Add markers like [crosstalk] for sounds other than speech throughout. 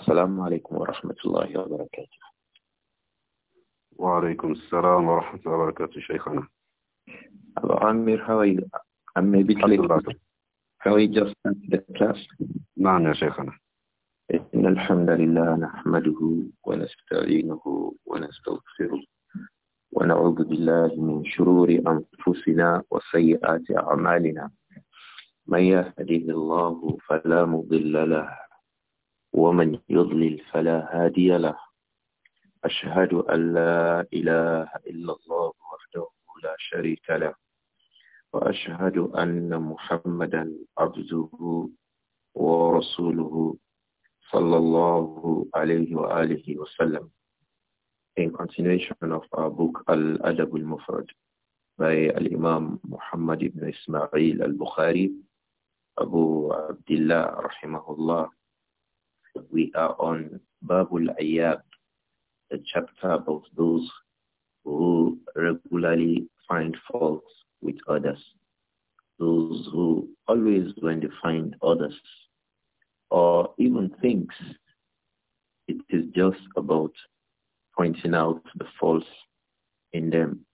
السلام عليكم ورحمة الله وبركاته وعليكم السلام ورحمة الله وبركاته شيخنا Hello Amir, how are you? I'm a bit How are you just at the class? نعم يا شيخنا إن الحمد لله نحمده ونستعينه ونستغفره ونعوذ بالله من شرور أنفسنا وسيئات أعمالنا من يهده الله فلا مضل له ومن يضلل فلا هادي له أشهد أن لا إله إلا الله وحده لا شريك له وأشهد أن محمدا عبده ورسوله صلى الله عليه وآله وسلم In continuation of our book Al-Adab al-Mufrad by Al-Imam Muhammad ibn Ismail al-Bukhari Abu Abdullah rahimahullah We are on Babul Ayyab, the chapter about those who regularly find faults with others. Those who always, when they find others or even thinks, it is just about pointing out the faults in them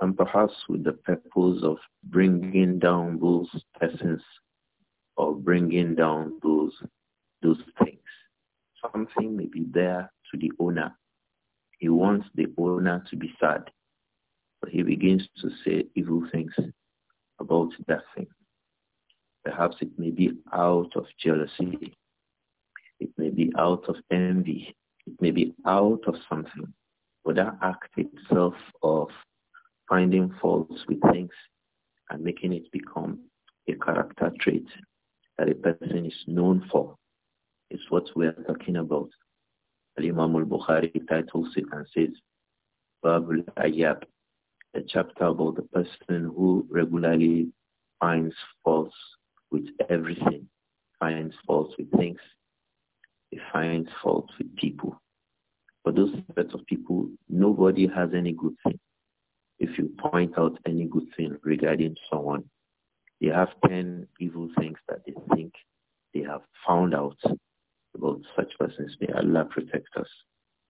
and perhaps with the purpose of bringing down those persons or bringing down those those things something may be there to the owner. He wants the owner to be sad. But he begins to say evil things about that thing. Perhaps it may be out of jealousy. It may be out of envy. It may be out of something. But that act itself of finding faults with things and making it become a character trait that a person is known for is what we are talking about. imam al-Bukhari titles it and says, Babul Ayyab, a chapter about the person who regularly finds faults with everything, finds faults with things, he finds faults with people. For those types of people, nobody has any good thing. If you point out any good thing regarding someone, they have 10 evil things that they think they have found out about such persons. May Allah protect us.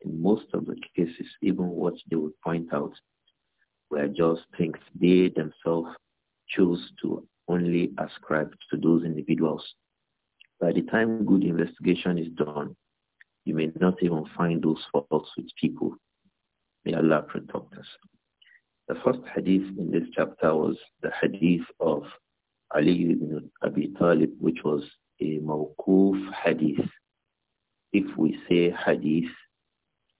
In most of the cases, even what they would point out were just things they themselves chose to only ascribe to those individuals. By the time good investigation is done, you may not even find those faults with people. May Allah protect us. The first hadith in this chapter was the hadith of Ali ibn Abi Talib, which was a mawkuf hadith if we say hadith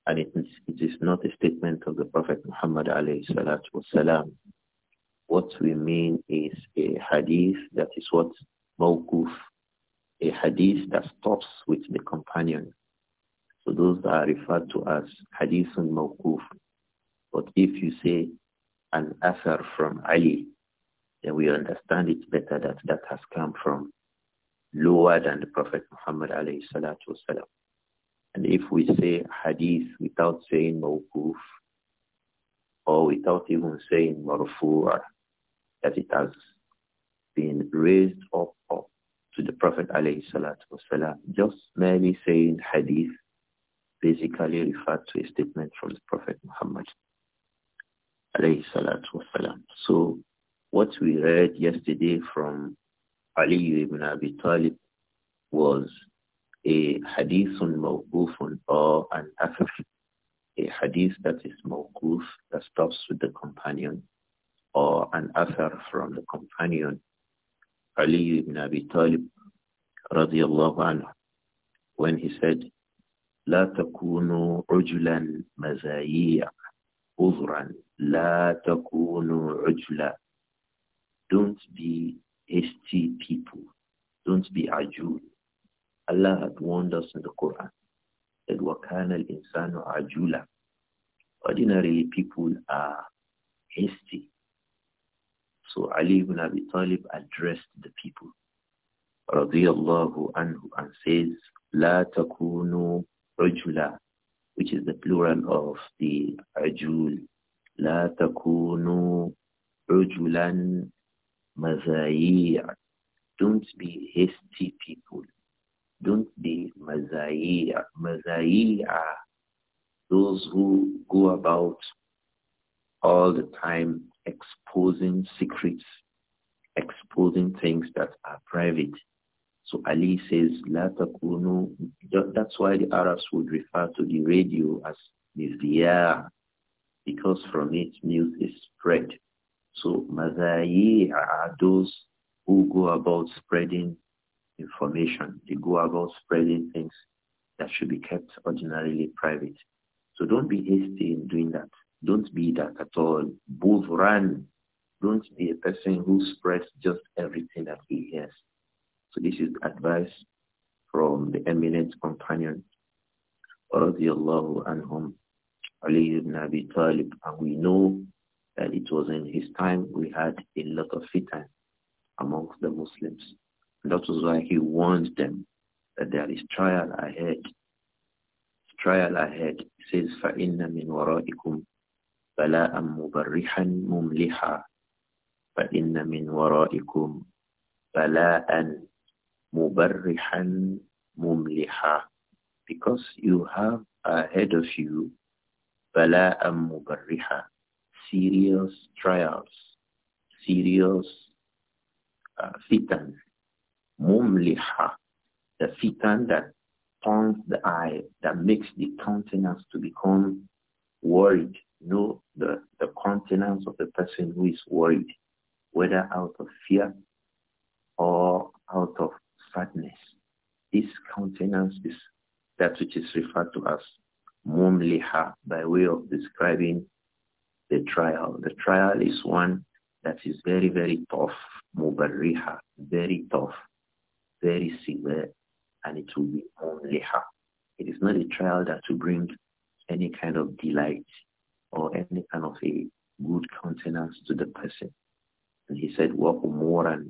and it is, it is not a statement of the Prophet Muhammad wasalam, what we mean is a hadith that is what mawkuf, a hadith that stops with the companion. So those are referred to as hadith and mawkuf. But if you say an asar from Ali, then we understand it better that that has come from lower than the Prophet Muhammad alayhi salatu wasalam. And if we say hadith without saying mawkuf, or without even saying marfu'a, that it has been raised up, up to the Prophet alayhi wasalam, just merely saying hadith basically referred to a statement from the Prophet Muhammad alayhi wasalam. So what we read yesterday from Ali ibn Abi Talib was a hadithun mawqufun or an athar, a hadith that is mawquf that stops with the companion or an athar from the companion Ali ibn Abi Talib radiallahu anhu when he said لا تكونوا عجلا مزايا عذرا لا تكونوا عجلا don't be hasty people don't be ajul Allah had warned us in the Quran that al Insanu Ajula. Ordinarily, people are hasty. So Ali ibn Abi Talib addressed the people, radiyallahu anhu, and says, لَا تَكُونُوا عُجُولًا which is the plural of the عَجُول لَا تَكُونُوا عُجُولًا مَزَايِعًا Don't be hasty people don't be mazaiya. Mazaiya those who go about all the time exposing secrets, exposing things that are private. So Ali says, La That's why the Arabs would refer to the radio as Miziyah, because from it news is spread. So Mazayih are those who go about spreading information. They go about spreading things that should be kept ordinarily private. So don't be hasty in doing that. Don't be that at all. Both run. Don't be a person who spreads just everything that he hears. So this is advice from the eminent companion, and anhum, Ali ibn Abi Talib. And we know that it was in his time we had a lot of fitan amongst the Muslims. That was why he warns them that there is trial ahead. Trial ahead. He says, فَإِنَّ مِنْ وَرَائِكُمْ بَلَاءً مُبَرِّحًا مُمْلِحًا فَإِنَّ مِنْ وَرَائِكُمْ بَلَاءً مُبَرِّحًا مُمْلِحًا Because you have ahead of you بَلَاءً مُبَرِّحًا Serious trials, serious uh, mumliha, the fitan that taunts the eye, that makes the countenance to become worried. Know the, the countenance of the person who is worried, whether out of fear or out of sadness. This countenance is that which is referred to as mumliha by way of describing the trial. The trial is one that is very, very tough, mubariha, very tough very severe and it will be only her. It is not a trial that will bring any kind of delight or any kind of a good countenance to the person. And he said, mutama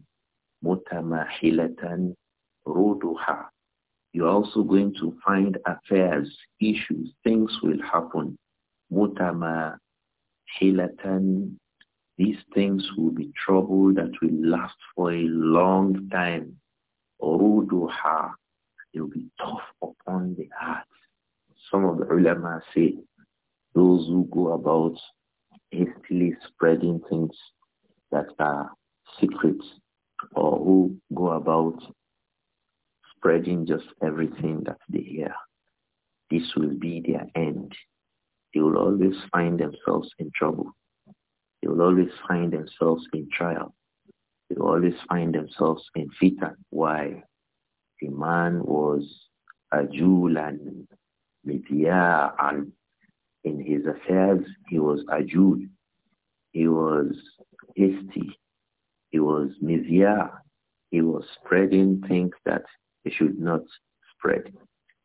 متمحلة roduha." رُودُهَا You're also going to find affairs, issues, things will happen. Mutama hilatan. These things will be trouble that will last for a long time. Uruduha. It will be tough upon the heart. Some of the ulama say those who go about hastily spreading things that are secrets or who go about spreading just everything that they hear. This will be their end. They will always find themselves in trouble. They will always find themselves in trial they always find themselves in fitan. Why? The man was ajulan, and In his affairs, he was ajul. He was hasty. He was mizya. He was spreading things that he should not spread.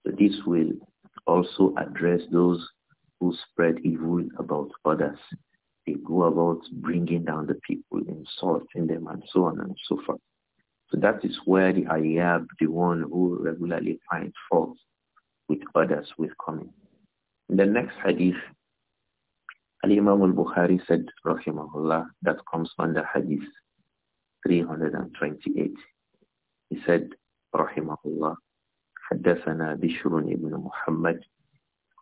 So this will also address those who spread evil about others they go about bringing down the people, insulting them, and so on and so forth. So that is where the Ayyab, the one who regularly finds fault with others, with coming. In the next hadith, Al-Imam al-Bukhari said, Rahimahullah, that comes under hadith 328. He said, Rahimahullah, حدثنا بشر بن محمد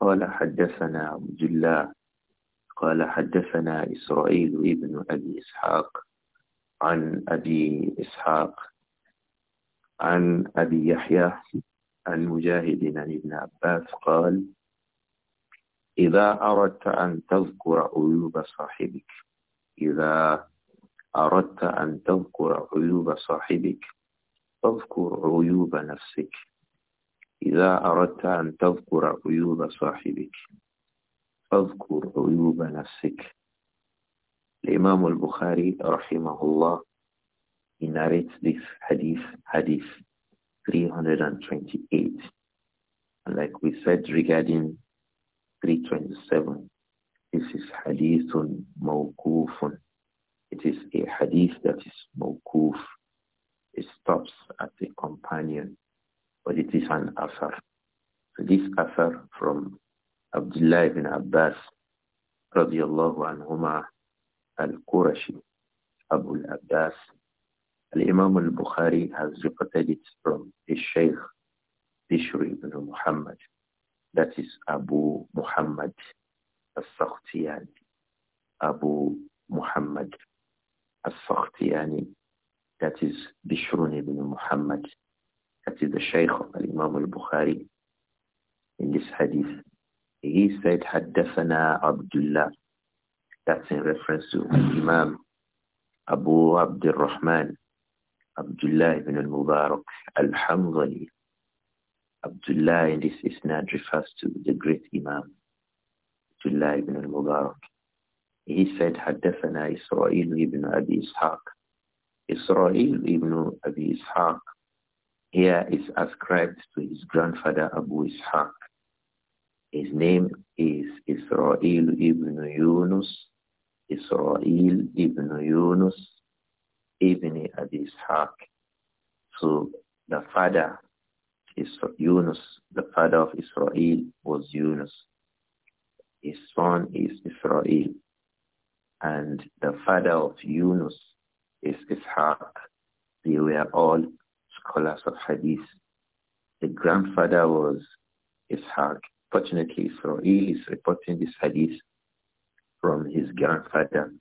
قال حدثنا عبد الله قال حدثنا إسرائيل ابن أبي إسحاق عن أبي إسحاق عن أبي يحيى عن مجاهد عن ابن عباس قال إذا أردت أن تذكر عيوب صاحبك إذا أردت أن تذكر عيوب صاحبك فاذكر عيوب نفسك إذا أردت أن تذكر عيوب صاحبك أذكر عيوب نفسك الإمام البخاري رحمه الله he narrates this hadith hadith 328 like we said regarding 327 this is hadith mawkufun it is a hadith that is mawkuf it stops at the companion but it is an asar so this asar from Abdullah ibn Abbas radiallahu anhuma al-Qurashi Abu al-Abbas Al-Imam al-Bukhari has reported it from his Shaykh Bishr ibn Muhammad that is Abu Muhammad al-Sakhtiyani Abu Muhammad al-Sakhtiyani that is Bishr ibn Muhammad that is the Shaykh of Al-Imam al-Bukhari in this hadith he said, Haddathana Abdullah. That's in reference to [clears throat] Imam Abu Abdurrahman Rahman, Abdullah ibn al-Mubarak al-Hamdali. Abdullah in this isnad refers to the great Imam, Abdullah ibn al-Mubarak. He said, Haddathana Israel ibn Abi Ishaq. Israel ibn Abi Ishaq here is ascribed to his grandfather Abu Ishaq. His name is Israel ibn Yunus, Israel ibn Yunus ibn Abi Ishaq. So the father is Yunus, the father of Israel was Yunus. His son is Israel. And the father of Yunus is Ishaq. They were all scholars of Hadith. The grandfather was Ishaq Fortunately so, he is reporting this hadith from his grandfather,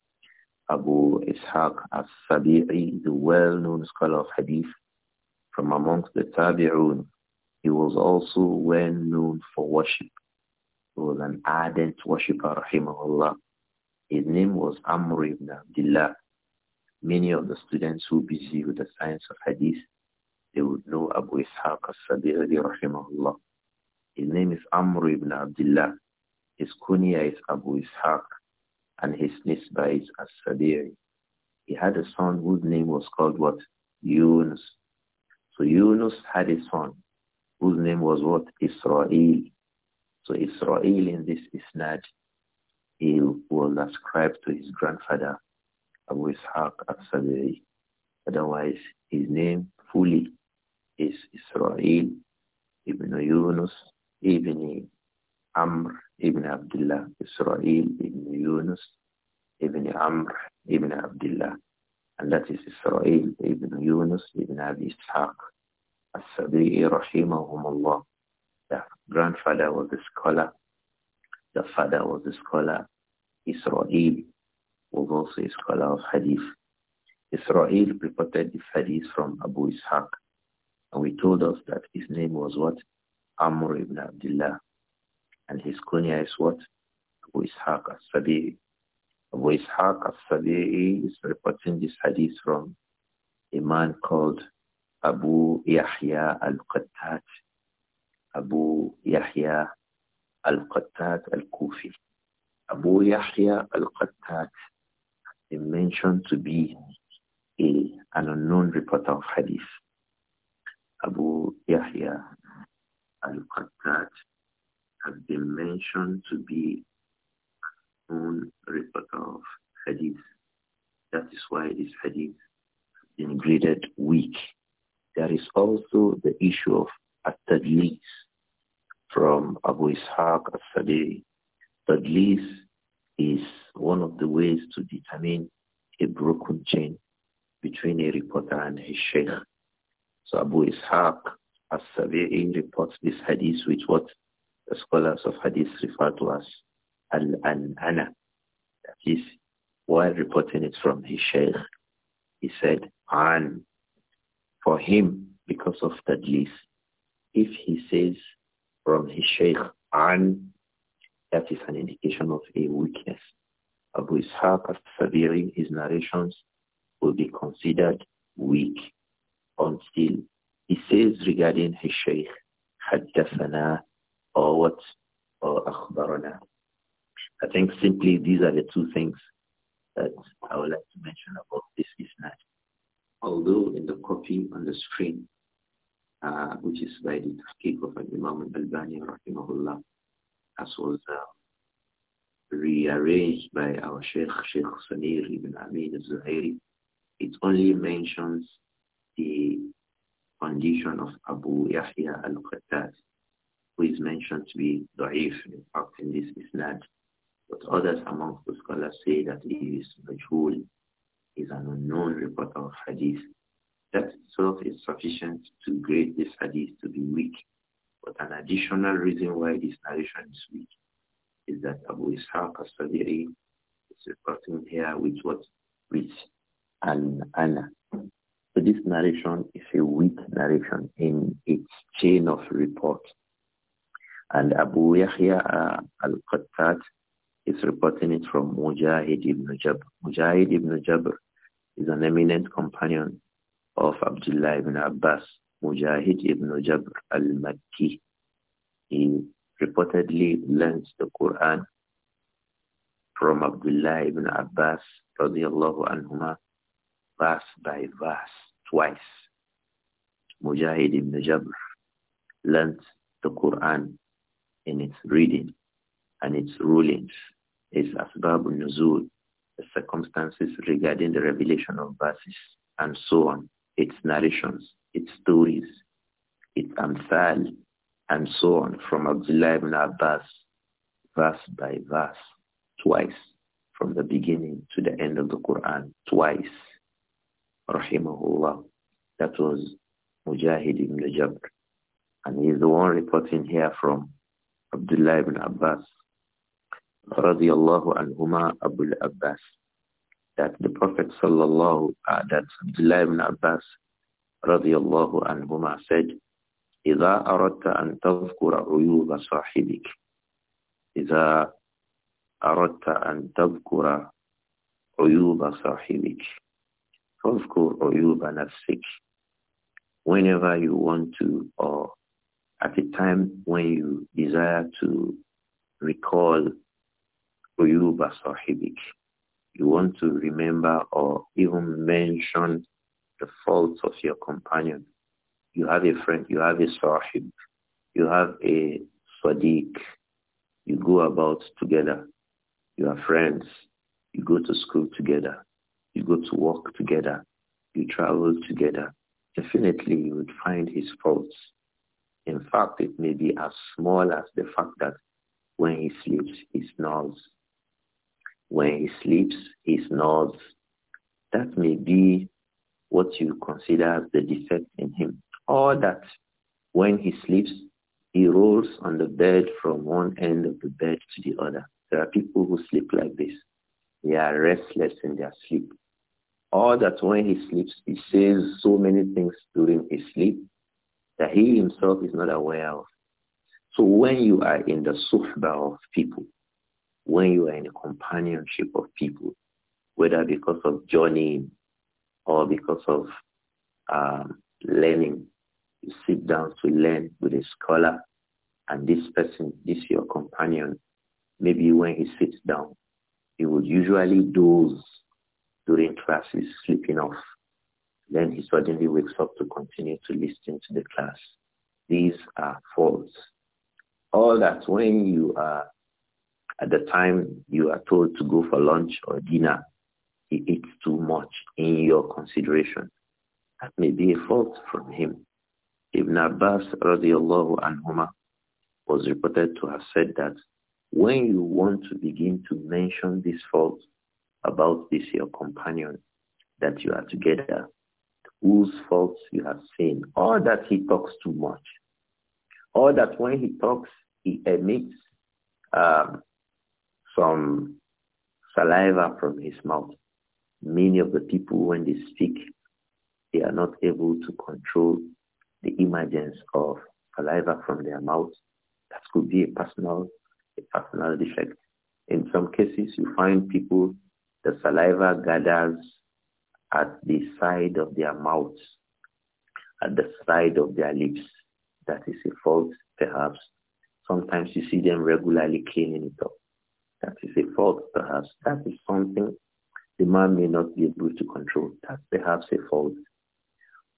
Abu Ishaq al-Sabi'i, the well-known scholar of hadith from amongst the Tabi'un. He was also well known for worship. He was an ardent worshipper, rahimahullah. His name was Amr ibn Abdullah. Many of the students who busy with the science of hadith, they would know Abu Ishaq al-Sabi'i, rahimahullah. His name is Amr ibn Abdullah. His kunya is Abu Ishaq and his nisba is as He had a son whose name was called what? Yunus. So Yunus had a son whose name was what? Israel. So Israel in this isnad, he was ascribed to his grandfather, Abu Ishaq as Otherwise, his name fully is Israel ibn Yunus ibn Amr ibn Abdullah, Israel ibn Yunus ibn Amr ibn Abdullah. And that is Israel ibn Yunus ibn Abi Ishaq al-Sabi'i rahimahumullah. The grandfather was a scholar. The father was a scholar. Israel was also a scholar of hadith. Israel reported the hadith from Abu Ishaq. And we told us that his name was what? Amr ibn Abdullah. And his kunya is what? Abu Ishaq al-Sabi'i. Abu Ishaq al-Sabi'i is reporting this hadith from a man called Abu Yahya al-Qattat. Abu Yahya al-Qattat al-Kufi. Abu Yahya al-Qattat is mentioned to be a, an unknown reporter of hadith. Abu Yahya al that has been mentioned to be on reporter of hadith. That is why this hadith has been graded weak. There is also the issue of at-tadlis from Abu Ishaq al-Sadiri. Tadlis is one of the ways to determine a broken chain between a reporter and his sheikh. So Abu Ishaq as-Sabi'i reports this hadith which what the scholars of hadith refer to as Al-An'ana. That is, while reporting it from his sheikh, he said, An. For him, because of that list, if he says from his sheikh, An, that is an indication of a weakness. Abu Ishaq after severing his narrations will be considered weak until he says regarding his sheikh, حدثنا or what or أخبرنا. I think simply these are the two things that I would like to mention about this isnad. Although in the copy on the screen, uh, which is by the Tahqiq of Imam al-Albani rahimahullah, as was uh, rearranged by our Sheikh, Sheikh Samir ibn Amin al-Zuhairi, it only mentions the condition of Abu Yahya al-Qattat, who is mentioned to be da'if in fact in this isnad. But others amongst the scholars say that he is majhul, is an unknown reporter of hadith. That itself is sufficient to grade this hadith to be weak. But an additional reason why this narration is weak is that Abu Ishaq al-Sadiri is reporting here with what? With an ana. So this narration is a weak narration in its chain of report. And Abu Yahya uh, al-Qattat is reporting it from Mujahid ibn Jabr. Mujahid ibn Jabr is an eminent companion of Abdullah ibn Abbas. Mujahid ibn Jabr al-Makki. He reportedly learned the Quran from Abdullah ibn Abbas radiallahu anhuma verse by verse twice. Mujahid ibn Jabr learnt the Quran in its reading and its rulings, its asbab nuzul, the circumstances regarding the revelation of verses, and so on, its narrations, its stories, its amthal, and so on, from Abdullah ibn Abbas, verse by verse, twice, from the beginning to the end of the Quran, twice rahimahullah. That was Mujahid ibn Jabr. And he is the one reporting here from Abdullah ibn Abbas, radiallahu anhuma Abu Abbas, that the Prophet sallallahu, uh, that Abdullah ibn Abbas, radiallahu anhuma said, إذا أردت أن تذكر عيوب صاحبك إذا أردت أن تذكر عيوب صاحبك you Oyub not asik Whenever you want to or at a time when you desire to recall Oyub al-Sahibik, you want to remember or even mention the faults of your companion. You have a friend, you have a sahib, you have a sadiq, you go about together, you are friends, you go to school together, you go to work together. You travel together. Definitely you would find his faults. In fact, it may be as small as the fact that when he sleeps, he snores. When he sleeps, he snores. That may be what you consider as the defect in him. Or that when he sleeps, he rolls on the bed from one end of the bed to the other. There are people who sleep like this. They are restless in their sleep. Or that when he sleeps, he says so many things during his sleep that he himself is not aware of. So when you are in the suhbah of people, when you are in the companionship of people, whether because of journeying or because of um, learning, you sit down to learn with a scholar and this person, this your companion, maybe when he sits down, he would usually doze during classes, sleeping off. Then he suddenly wakes up to continue to listen to the class. These are faults. All that when you are at the time you are told to go for lunch or dinner, he eats too much in your consideration. That may be a fault from him. Ibn Abbas radiallahu anhuma was reported to have said that when you want to begin to mention this fault about this your companion that you are together, whose faults you have seen, or that he talks too much, or that when he talks, he emits um, some saliva from his mouth. Many of the people, when they speak, they are not able to control the emergence of saliva from their mouth. That could be a personal personal defect. In some cases, you find people, the saliva gathers at the side of their mouths, at the side of their lips. That is a fault, perhaps. Sometimes you see them regularly cleaning it up. That is a fault, perhaps. That is something the man may not be able to control. That's perhaps a fault.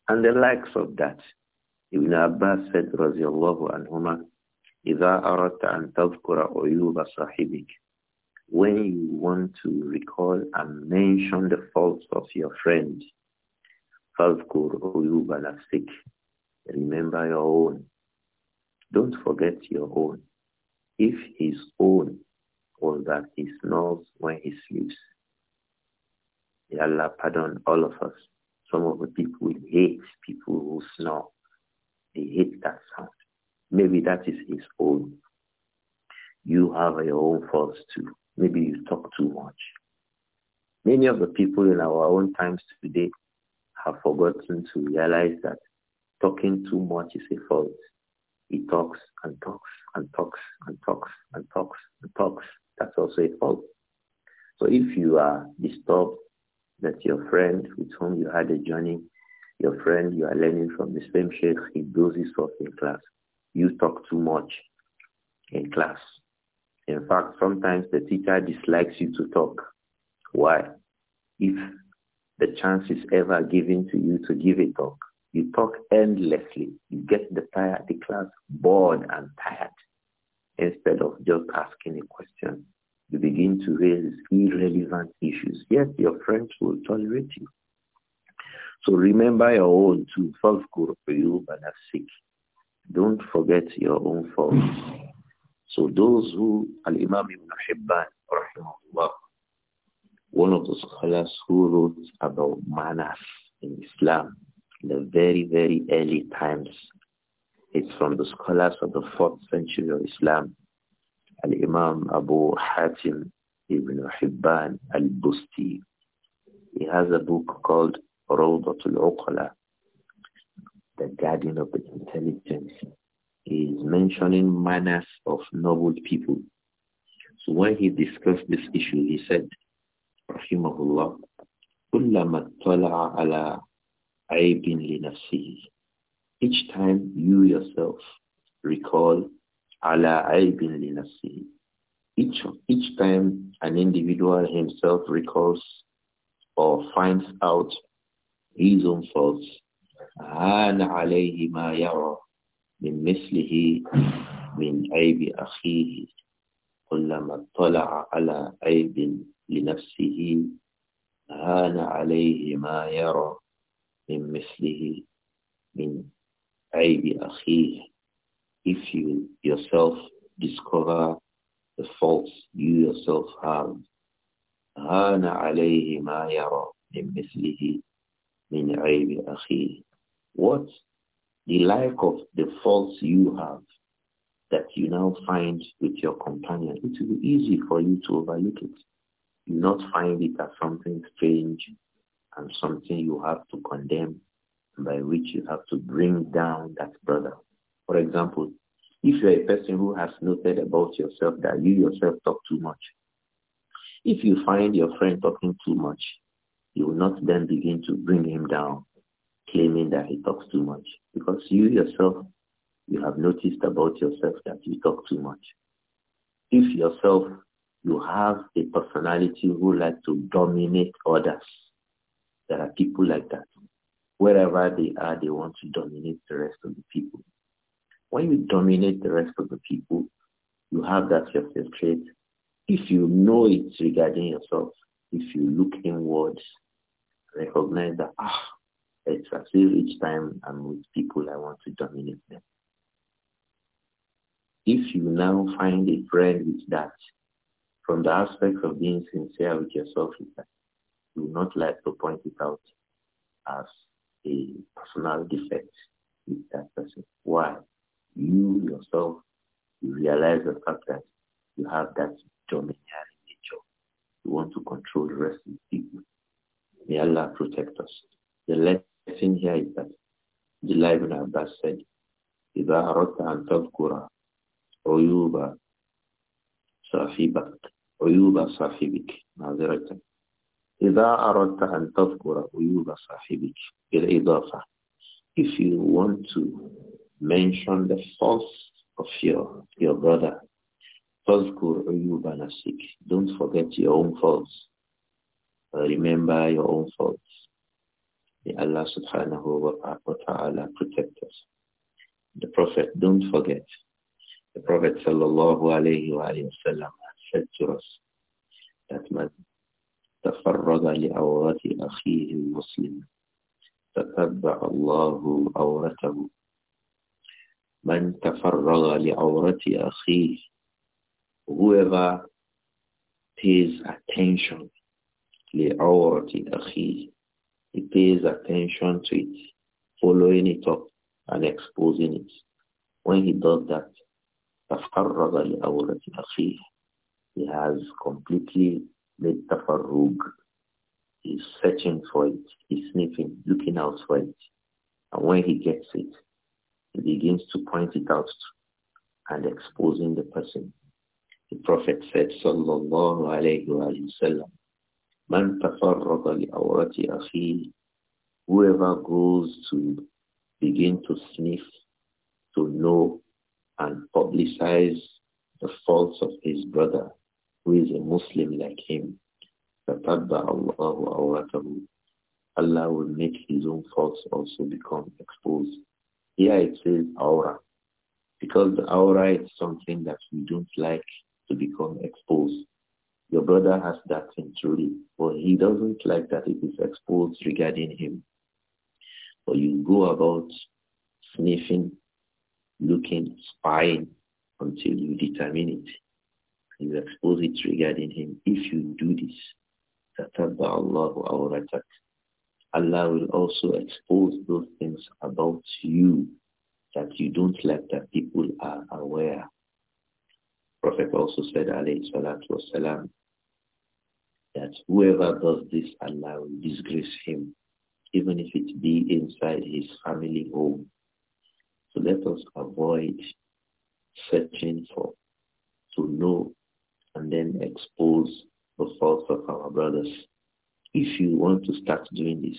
And the likes of that. Ibn Abbas said, Raziallahu anhuma, إذا أردت أن تذكر عيوب صاحبك when you want to recall and mention the faults of your friend فاذكر عيوب نفسك remember your own don't forget your own if his own was that he snores when he sleeps May Allah pardon all of us some of the people hate people who snore they hate that sound Maybe that is his own. You have your own faults too. Maybe you talk too much. Many of the people in our own times today have forgotten to realize that talking too much is a fault. He talks and talks and talks and talks and talks and talks. That's also a fault. So if you are disturbed that your friend with whom you had a journey, your friend you are learning from the same sheikh, he does dozes off in class you talk too much in class. In fact, sometimes the teacher dislikes you to talk. Why? If the chance is ever given to you to give a talk, you talk endlessly. You get the, tired, the class bored and tired. Instead of just asking a question, you begin to raise irrelevant issues. Yes, your friends will tolerate you. So remember your own to Falkur Uyub and Asik. Don't forget your own faults. So those who, Al-Imam Ibn Hibban, rahimahullah, one of the scholars who wrote about manners in Islam in the very, very early times, it's from the scholars of the 4th century of Islam, Al-Imam Abu Hatim Ibn Hibban Al-Busti. He has a book called Rawdatul Uqala the guardian of the intelligence. is mentioning manners of noble people. So when he discussed this issue, he said, Rahimahullah, كلما اطلع على عيب لنفسه Each time you yourself recall على عيب لنفسه each, each time an individual himself recalls or finds out his own faults هان عليه ما يرى من مثله من عيب أخيه كلما اطلع على عيب لنفسه هان عليه ما يرى من مثله من عيب أخيه if you yourself discover the faults you yourself have هان عليه ما يرى من مثله من عيب أخيه what the like of the faults you have that you now find with your companion. It will be easy for you to overlook it. You not find it as something strange and something you have to condemn by which you have to bring down that brother. For example, if you're a person who has noted about yourself that you yourself talk too much, if you find your friend talking too much, you will not then begin to bring him down claiming that he talks too much because you yourself, you have noticed about yourself that you talk too much. If yourself, you have a personality who like to dominate others. There are people like that. Wherever they are, they want to dominate the rest of the people. When you dominate the rest of the people, you have that yourself trait. If you know it regarding yourself, if you look inwards, recognize that, ah, it's each time I'm with people, I want to dominate them. If you now find a friend with that, from the aspect of being sincere with yourself, you will not like to point it out as a personal defect with that person. Why? You yourself, you realize the fact that you have that dominating nature. You want to control the rest of the people. May Allah protect us. The less lesson here is that Abdullah Abbas said, إذا أردت أن تذكر عيوب صاحبك عيوب صاحبك معذرة إذا أردت أن تذكر عيوب if you want to mention the faults of your your brother فاذكر عيوب نفسك don't forget your own faults remember your own faults May Allah subhanahu wa ta'ala protect us. The Prophet, don't forget, the Prophet sallallahu alayhi wa sallam said to us that man تفرغ لعورة أخيه المسلم تتبع الله عورته من تفرغ لعورة أخيه whoever pays attention لعورة أخيه he pays attention to it, following it up and exposing it. When he does that, he has completely made tafarrug. He's searching for it. He's sniffing, looking out for it. And when he gets it, he begins to point it out and exposing the person. The Prophet said, Sallallahu Alaihi Wasallam, Man tafarraga li awrati akhi, whoever goes to begin to sniff, to know and publicize the faults of his brother who is a Muslim like him, Allah will make his own faults also become exposed. Here it says aura, because the aura is something that we don't like to become exposed. Your brother has that thing truly, but he doesn't like that it is exposed regarding him. But you go about sniffing, looking, spying until you determine it. You expose it regarding him. If you do this, Allah will also expose those things about you that you don't like that people are aware. Prophet also said, alayhi salatu wasalam, that whoever does this, Allah will disgrace him, even if it be inside his family home. So let us avoid searching for, to know, and then expose the faults of our brothers. If you want to start doing this,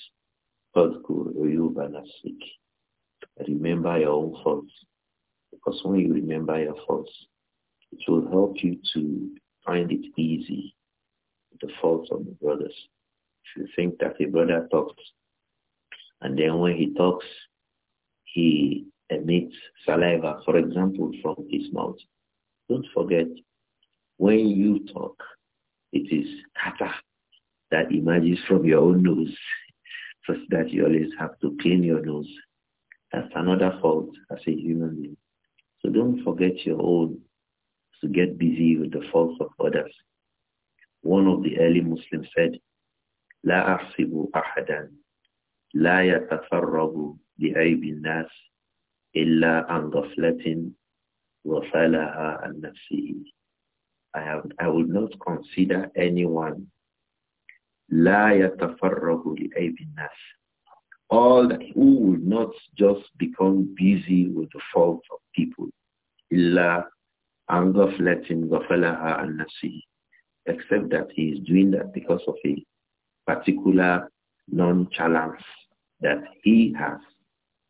remember your own faults. Because when you remember your faults, it will help you to find it easy the faults of the brothers. If you think that a brother talks, and then when he talks, he emits saliva, for example, from his mouth. Don't forget, when you talk, it is kata that emerges from your own nose, such [laughs] that you always have to clean your nose. That's another fault as a human being. So don't forget your own to get busy with the faults of others. One of the early Muslims said, لا أحسب أحدا لا يتفرغ لعيب الناس إلا عن غفلة غفلها عن نفسه. I, have, I would not consider anyone لا يتفرغ لعيب nas. all that who would not just become busy with the faults of people إلا عن غفلة غفلها عن نفسه except that he is doing that because of a particular nonchalance that he has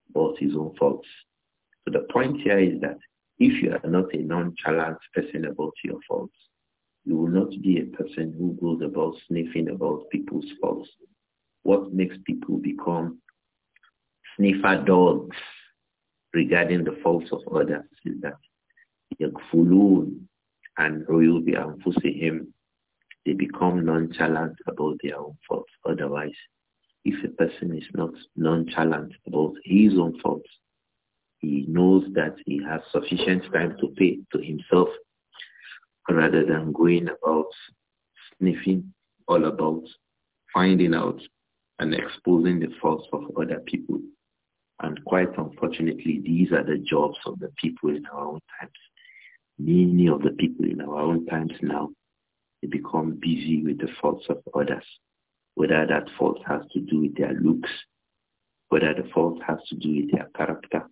about his own faults. So the point here is that if you are not a nonchalant person about your faults, you will not be a person who goes about sniffing about people's faults. What makes people become sniffer dogs regarding the faults of others is that يَكْفُلُونَ and يُوبِ أَنفُسِهِمْ they become nonchalant about their own faults. Otherwise, if a person is not nonchalant about his own faults, he knows that he has sufficient time to pay to himself rather than going about sniffing all about, finding out and exposing the faults of other people. And quite unfortunately, these are the jobs of the people in our own times. Many of the people in our own times now they become busy with the faults of others, whether that fault has to do with their looks, whether the fault has to do with their character,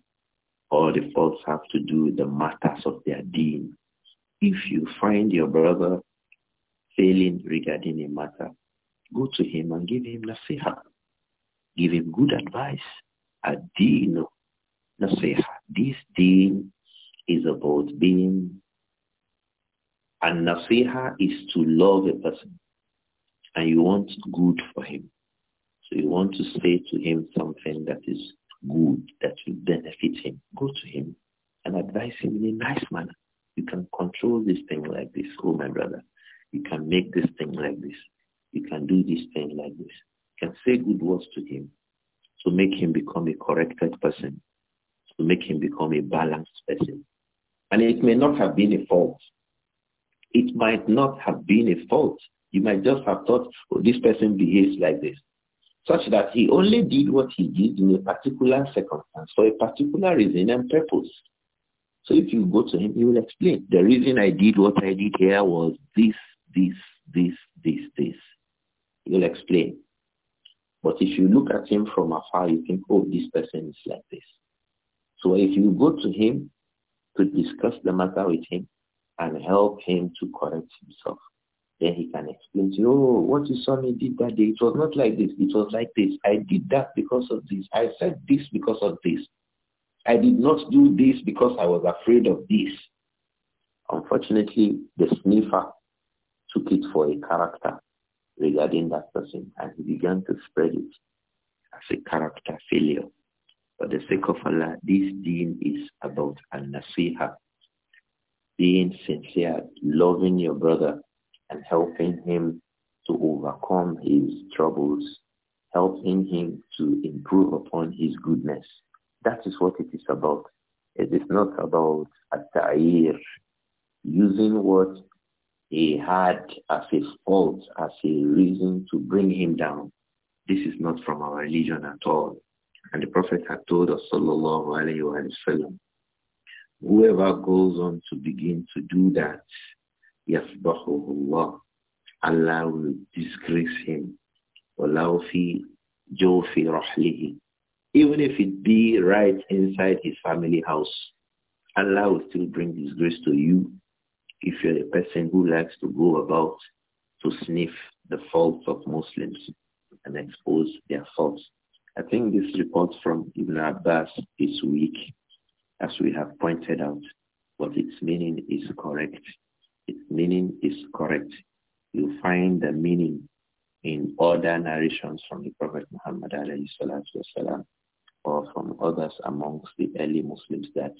or the faults have to do with the matters of their deen. If you find your brother failing regarding a matter, go to him and give him nasiha. Give him good advice. A deen nasiha. This deen is about being and nasiha is to love a person. And you want good for him. So you want to say to him something that is good, that will benefit him. Go to him and advise him in a nice manner. You can control this thing like this, oh my brother. You can make this thing like this. You can do this thing like this. You can say good words to him to make him become a corrected person, to make him become a balanced person. And it may not have been a fault. It might not have been a fault. You might just have thought, oh, this person behaves like this. Such that he only did what he did in a particular circumstance for a particular reason and purpose. So if you go to him, he will explain. The reason I did what I did here was this, this, this, this, this. He will explain. But if you look at him from afar, you think, oh, this person is like this. So if you go to him to discuss the matter with him, and help him to correct himself. Then he can explain to you, oh, what you saw me did that day, it was not like this, it was like this. I did that because of this. I said this because of this. I did not do this because I was afraid of this. Unfortunately, the sniffer took it for a character regarding that person and he began to spread it as a character failure. For the sake of Allah, this deen is about al-nasiha, being sincere, loving your brother and helping him to overcome his troubles, helping him to improve upon his goodness. That is what it is about. It is not about a ta'ir, using what he had as a fault, as a reason to bring him down. This is not from our religion at all. And the Prophet had told us, sallallahu alayhi wa sallam, Whoever goes on to begin to do that, yasbahullah, Allah will disgrace him. rahlihi. Even if it be right inside his family house, Allah will still bring disgrace to you if you're a person who likes to go about to sniff the faults of Muslims and expose their faults. I think this report from Ibn Abbas is weak as we have pointed out, but its meaning is correct. Its meaning is correct. You find the meaning in other narrations from the Prophet Muhammad wasalam, or from others amongst the early Muslims that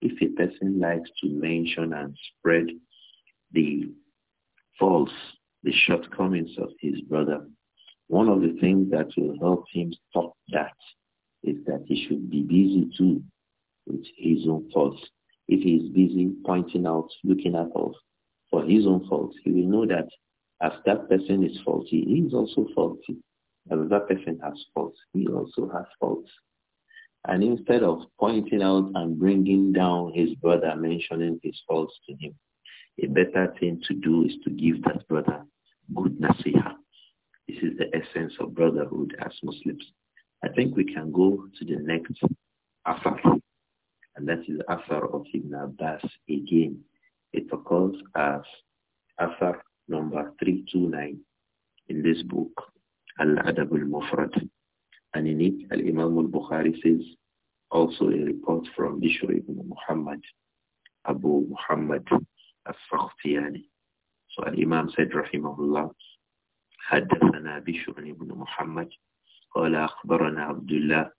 if a person likes to mention and spread the faults, the shortcomings of his brother, one of the things that will help him stop that is that he should be busy too with his own faults. If he is busy pointing out, looking at us for his own faults, he will know that as that person is faulty, he is also faulty. As that person has faults, he also has faults. And instead of pointing out and bringing down his brother, mentioning his faults to him, a better thing to do is to give that brother good nasiha. This is the essence of brotherhood as Muslims. I think we can go to the next after. And that is Afar of Ibn Abbas again. It occurs as Afar number 329 in this book, Al-Adab al-Mufrad. And in it, Al-Imam al-Bukhari says, also a report from Bishr ibn Muhammad, Abu Muhammad al-Fakhtiyani. So Al-Imam said, Rahimahullah, حدثنا بشر بن محمد قال أخبرنا عبد الله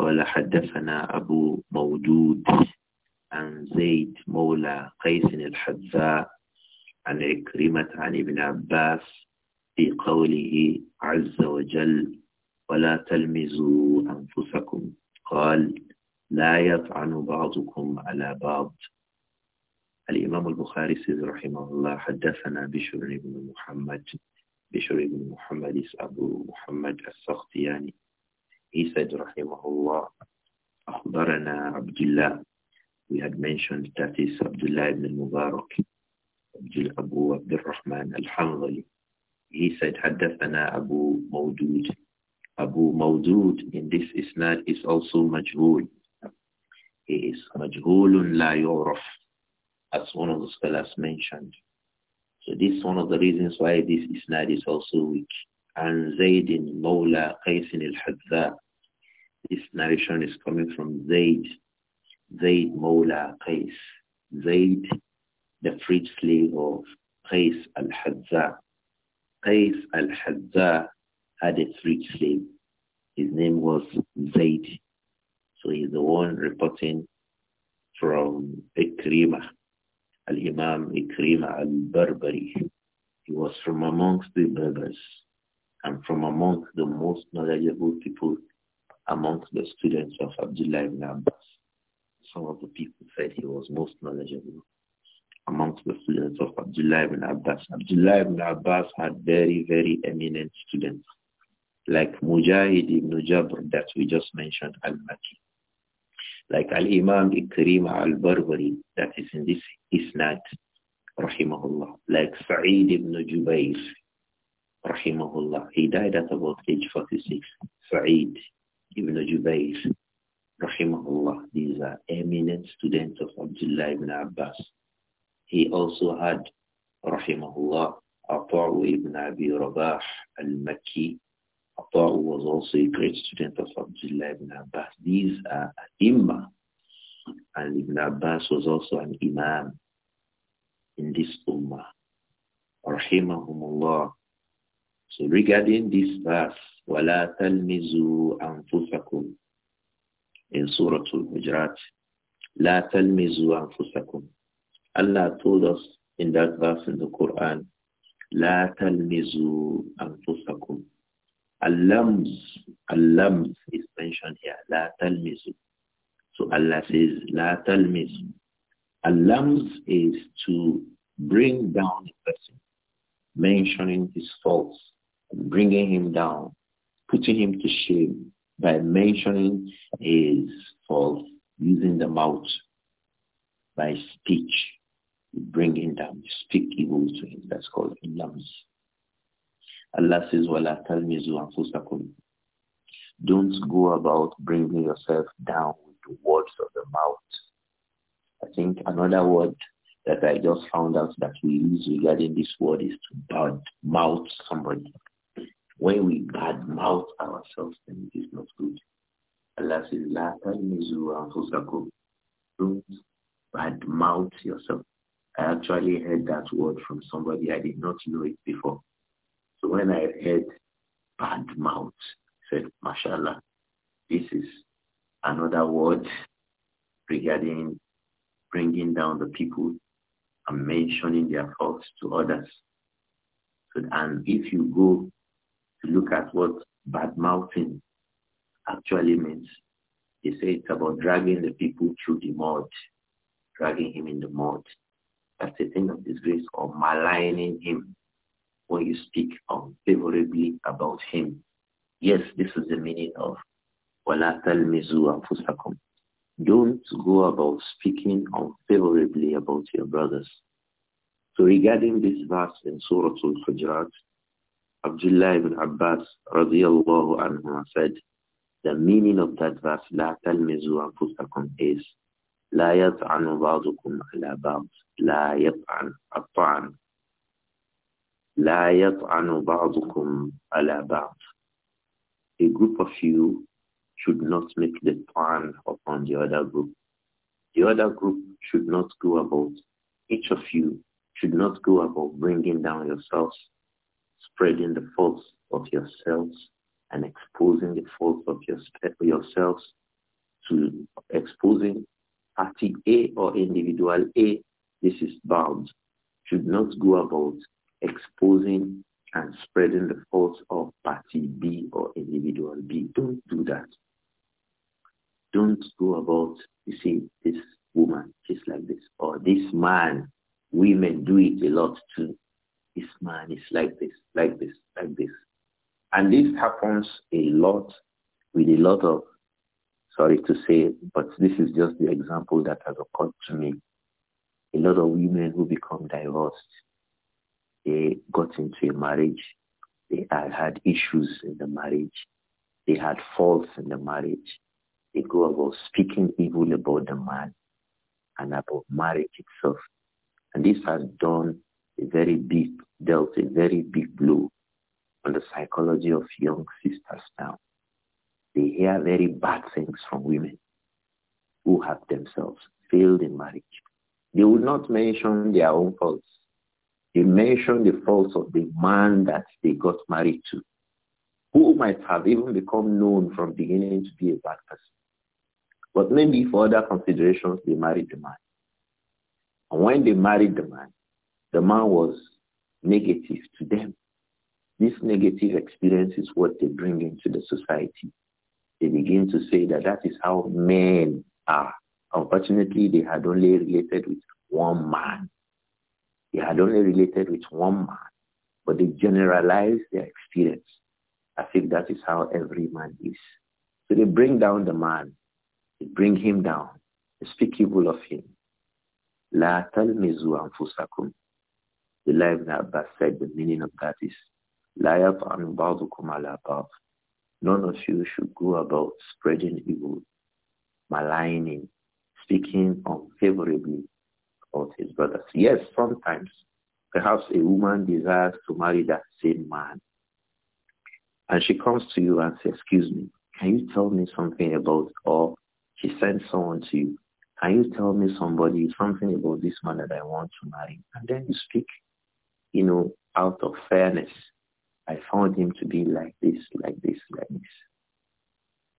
قال حدثنا أبو موجود عن زيد مولى قيس الحذاء عن عكرمة عن ابن عباس في قوله عز وجل ولا تلمزوا أنفسكم قال لا يطعن بعضكم على بعض الإمام البخاري سيد رحمه الله حدثنا بشر بن محمد بشر بن محمد أبو محمد السختياني He said, Rahimahullah, Ahbarana Abdullah." We had mentioned that is Abdullah ibn Mubarak, Abu Rahman al-Hanzali. He said, حدثنا Abu Mawdud. Abu Mawdud in this isnad is also majhul. He is majhulun la yuraf, as one of the scholars mentioned. So this is one of the reasons why this isnad is also weak. عن زيد مولى قيس الحذاء This narration is coming from Zayd, Zayd Mawla Qais. Zayd, the freed slave of Qais al-Hadza. Qais al-Hadza had a freed slave. His name was Zayd. So he's the one reporting from Ikrima. al-Imam Ikrima al-Barbari. He was from amongst the Berbers and from amongst the most knowledgeable people amongst the students of Abdullah ibn Abbas. Some of the people said he was most knowledgeable amongst the students of Abdullah ibn Abbas. Abdullah ibn Abbas had very, very eminent students like Mujahid ibn Jabr that we just mentioned, Al-Maki. Like Al-Imam Ikrim al-Barbari that is in this isnat, rahimahullah. Like Sa'id ibn Jubayr rahimahullah. He died at about age 46. Sa'id ibn Jubayr, rahimahullah. These are eminent students of Abdullah ibn Abbas. He also had, rahimahullah, Ata'u ibn Abi Rabah al-Makki. Ata'u was also a great student of Abdullah ibn Abbas. These are imam, And Ibn Abbas was also an imam in this ummah. Rahimahumullah so regarding this verse, وَلَا تَلْمِزُوا أَنفُسَكُمْ in Surah Al-Hujurat, لَا تَلْمِزُوا أَنفُسَكُمْ Allah told us in that verse in the Quran, لَا تَلْمِزُوا أَنفُسَكُمْ Al-lams, al-lams is mentioned here, لَا تَلْمِزُوا So Allah says, لَا تَلْمِزُوا Al-lams is to bring down a person, mentioning his faults bringing him down, putting him to shame by mentioning his faults using the mouth, by speech. You bring him down. You speak evil to him. That's called ilams. Allah says, وَلَا تَلْمِزُوا أَنفُسَكُمْ Don't go about bringing yourself down with the words of the mouth. I think another word that I just found out that we use regarding this word is to bad mouth somebody. When we badmouth ourselves, then it is not good. Allah says, La Don't badmouth yourself. I actually heard that word from somebody. I did not know it before. So when I heard bad mouth, I said, mashallah, this is another word regarding bringing down the people and mentioning their faults to others. and if you go to look at what bad mouthing actually means. They say it's about dragging the people through the mud, dragging him in the mud. That's a thing of disgrace or maligning him when you speak unfavorably about him. Yes, this is the meaning of وَلَا تَلْمِزُوا أَنفُسَكُمْ Don't go about speaking unfavorably about your brothers. So regarding this verse in Surah Al-Hujurat, Abdullah ibn Abbas radiallahu anhu said, the meaning of that verse, لا تلمزوا أنفسكم is, لا يطعن بعضكم على بعض لا يطعن الطعن لا يطعن بعضكم على بعض A group of you should not make the plan upon the other group. The other group should not go about, each of you should not go about bringing down yourselves spreading the faults of yourselves and exposing the faults of your, yourselves to exposing party A or individual A, this is bound, should not go about exposing and spreading the faults of party B or individual B. Don't do that. Don't go about, you see, this woman, she's like this, or this man, women do it a lot too. This man is like this, like this, like this. And this happens a lot with a lot of, sorry to say, but this is just the example that has occurred to me. A lot of women who become divorced, they got into a marriage, they had, had issues in the marriage, they had faults in the marriage, they go about speaking evil about the man and about marriage itself. And this has done a very big, dealt a very big blow on the psychology of young sisters now. They hear very bad things from women who have themselves failed in marriage. They will not mention their own faults. They mention the faults of the man that they got married to, who might have even become known from beginning to be a bad person. But maybe for other considerations, they married the man. And when they married the man, the man was negative to them. This negative experience is what they bring into the society. They begin to say that that is how men are. Unfortunately, they had only related with one man. They had only related with one man, but they generalize their experience. I think that is how every man is. So they bring down the man. They bring him down. They speak evil of him. La talmizu anfusakum. The life that Abbas said the meaning of that is None of you should go about spreading evil, maligning, speaking unfavorably of his brothers. Yes, sometimes perhaps a woman desires to marry that same man. And she comes to you and says, excuse me, can you tell me something about, or she sends someone to you, can you tell me somebody, something about this man that I want to marry? And then you speak you know, out of fairness, I found him to be like this, like this, like this.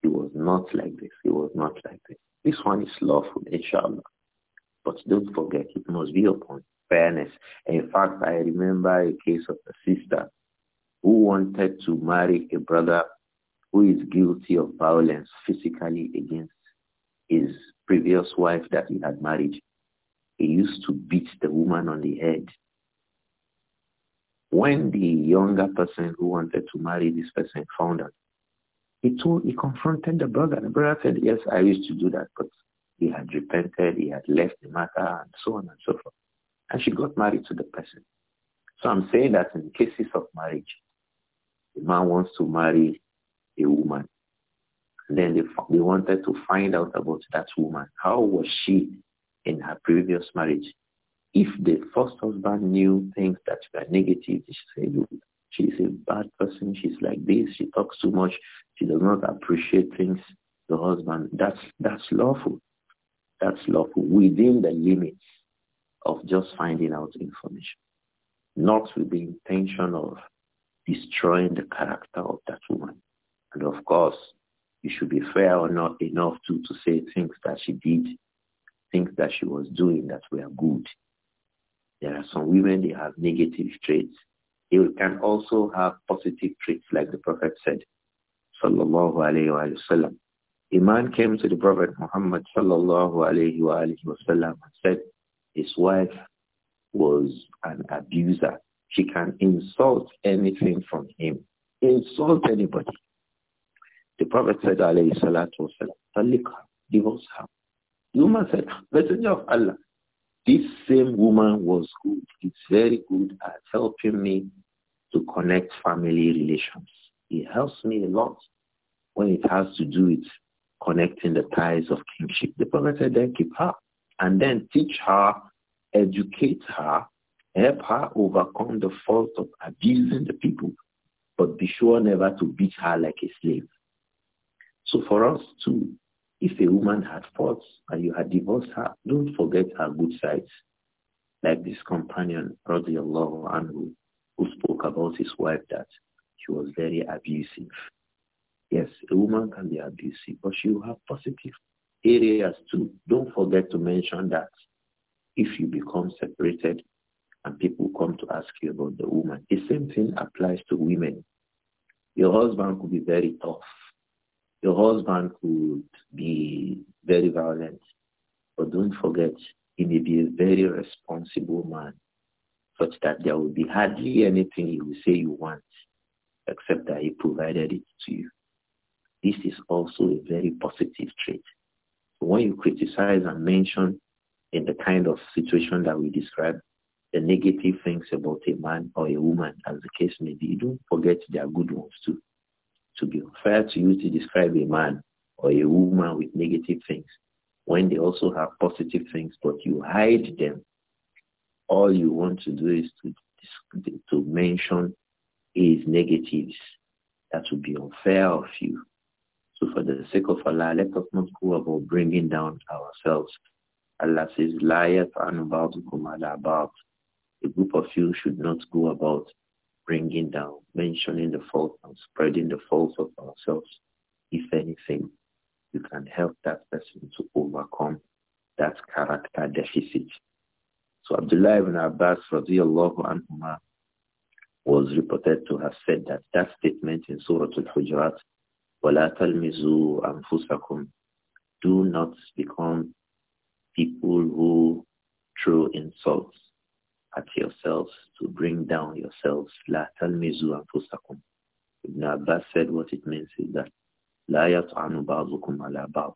He was not like this. He was not like this. This one is lawful, inshallah. But don't forget, it must be upon fairness. In fact, I remember a case of a sister who wanted to marry a brother who is guilty of violence physically against his previous wife that he had married. He used to beat the woman on the head when the younger person who wanted to marry this person found out, he told, he confronted the brother. The brother said, yes, I used to do that, but he had repented, he had left the matter, and so on and so forth. And she got married to the person. So I'm saying that in cases of marriage, a man wants to marry a woman. And then they, they wanted to find out about that woman. How was she in her previous marriage? If the first husband knew things that were negative, she said, she's a bad person, she's like this, she talks too much, she does not appreciate things, the husband, that's, that's lawful. That's lawful within the limits of just finding out information, not with the intention of destroying the character of that woman. And of course, you should be fair or not enough to, to say things that she did, things that she was doing that were good. There are some women, they have negative traits. They can also have positive traits like the Prophet said, sallallahu alayhi wasallam. A man came to the Prophet Muhammad sallallahu alayhi wasallam. alayhi and said his wife was an abuser. She can insult anything from him. Insult anybody. The Prophet said alayhi salatu wa divorce her. The woman said, Messenger of Allah, this same woman was good. It's very good at helping me to connect family relations. It helps me a lot when it has to do with connecting the ties of kingship. The Prophet said, then keep her and then teach her, educate her, help her overcome the fault of abusing the people, but be sure never to beat her like a slave. So for us too, if a woman had faults and you had divorced her, don't forget her good sides. Like this companion, radiallahu anhu, who spoke about his wife that she was very abusive. Yes, a woman can be abusive, but she will have positive areas too. Don't forget to mention that if you become separated and people come to ask you about the woman, the same thing applies to women. Your husband could be very tough your husband could be very violent, but don't forget, he may be a very responsible man, such that there will be hardly anything he will say you want, except that he provided it to you. This is also a very positive trait. So when you criticize and mention in the kind of situation that we described, the negative things about a man or a woman, as the case may be, don't forget their good ones too to be unfair to you to describe a man or a woman with negative things when they also have positive things, but you hide them. All you want to do is to, to mention his negatives. That would be unfair of you. So for the sake of Allah, let us not go about bringing down ourselves. Allah says, Layat anubadukum ala A group of you should not go about bringing down, mentioning the faults and spreading the faults of ourselves. If anything, you can help that person to overcome that character deficit. So Abdullah ibn Abbas radiallahu anhuma was reported to have said that that statement in Surah Al-Hujurat, وَلَا تَلْمِزُوا أَنفُسَكُمْ Do not become people who throw insults at yourselves, to bring down yourselves. La talmizu anfusakum. Ibn Abbas said what it means is that la yat'anu ba'dukum ala ba'd.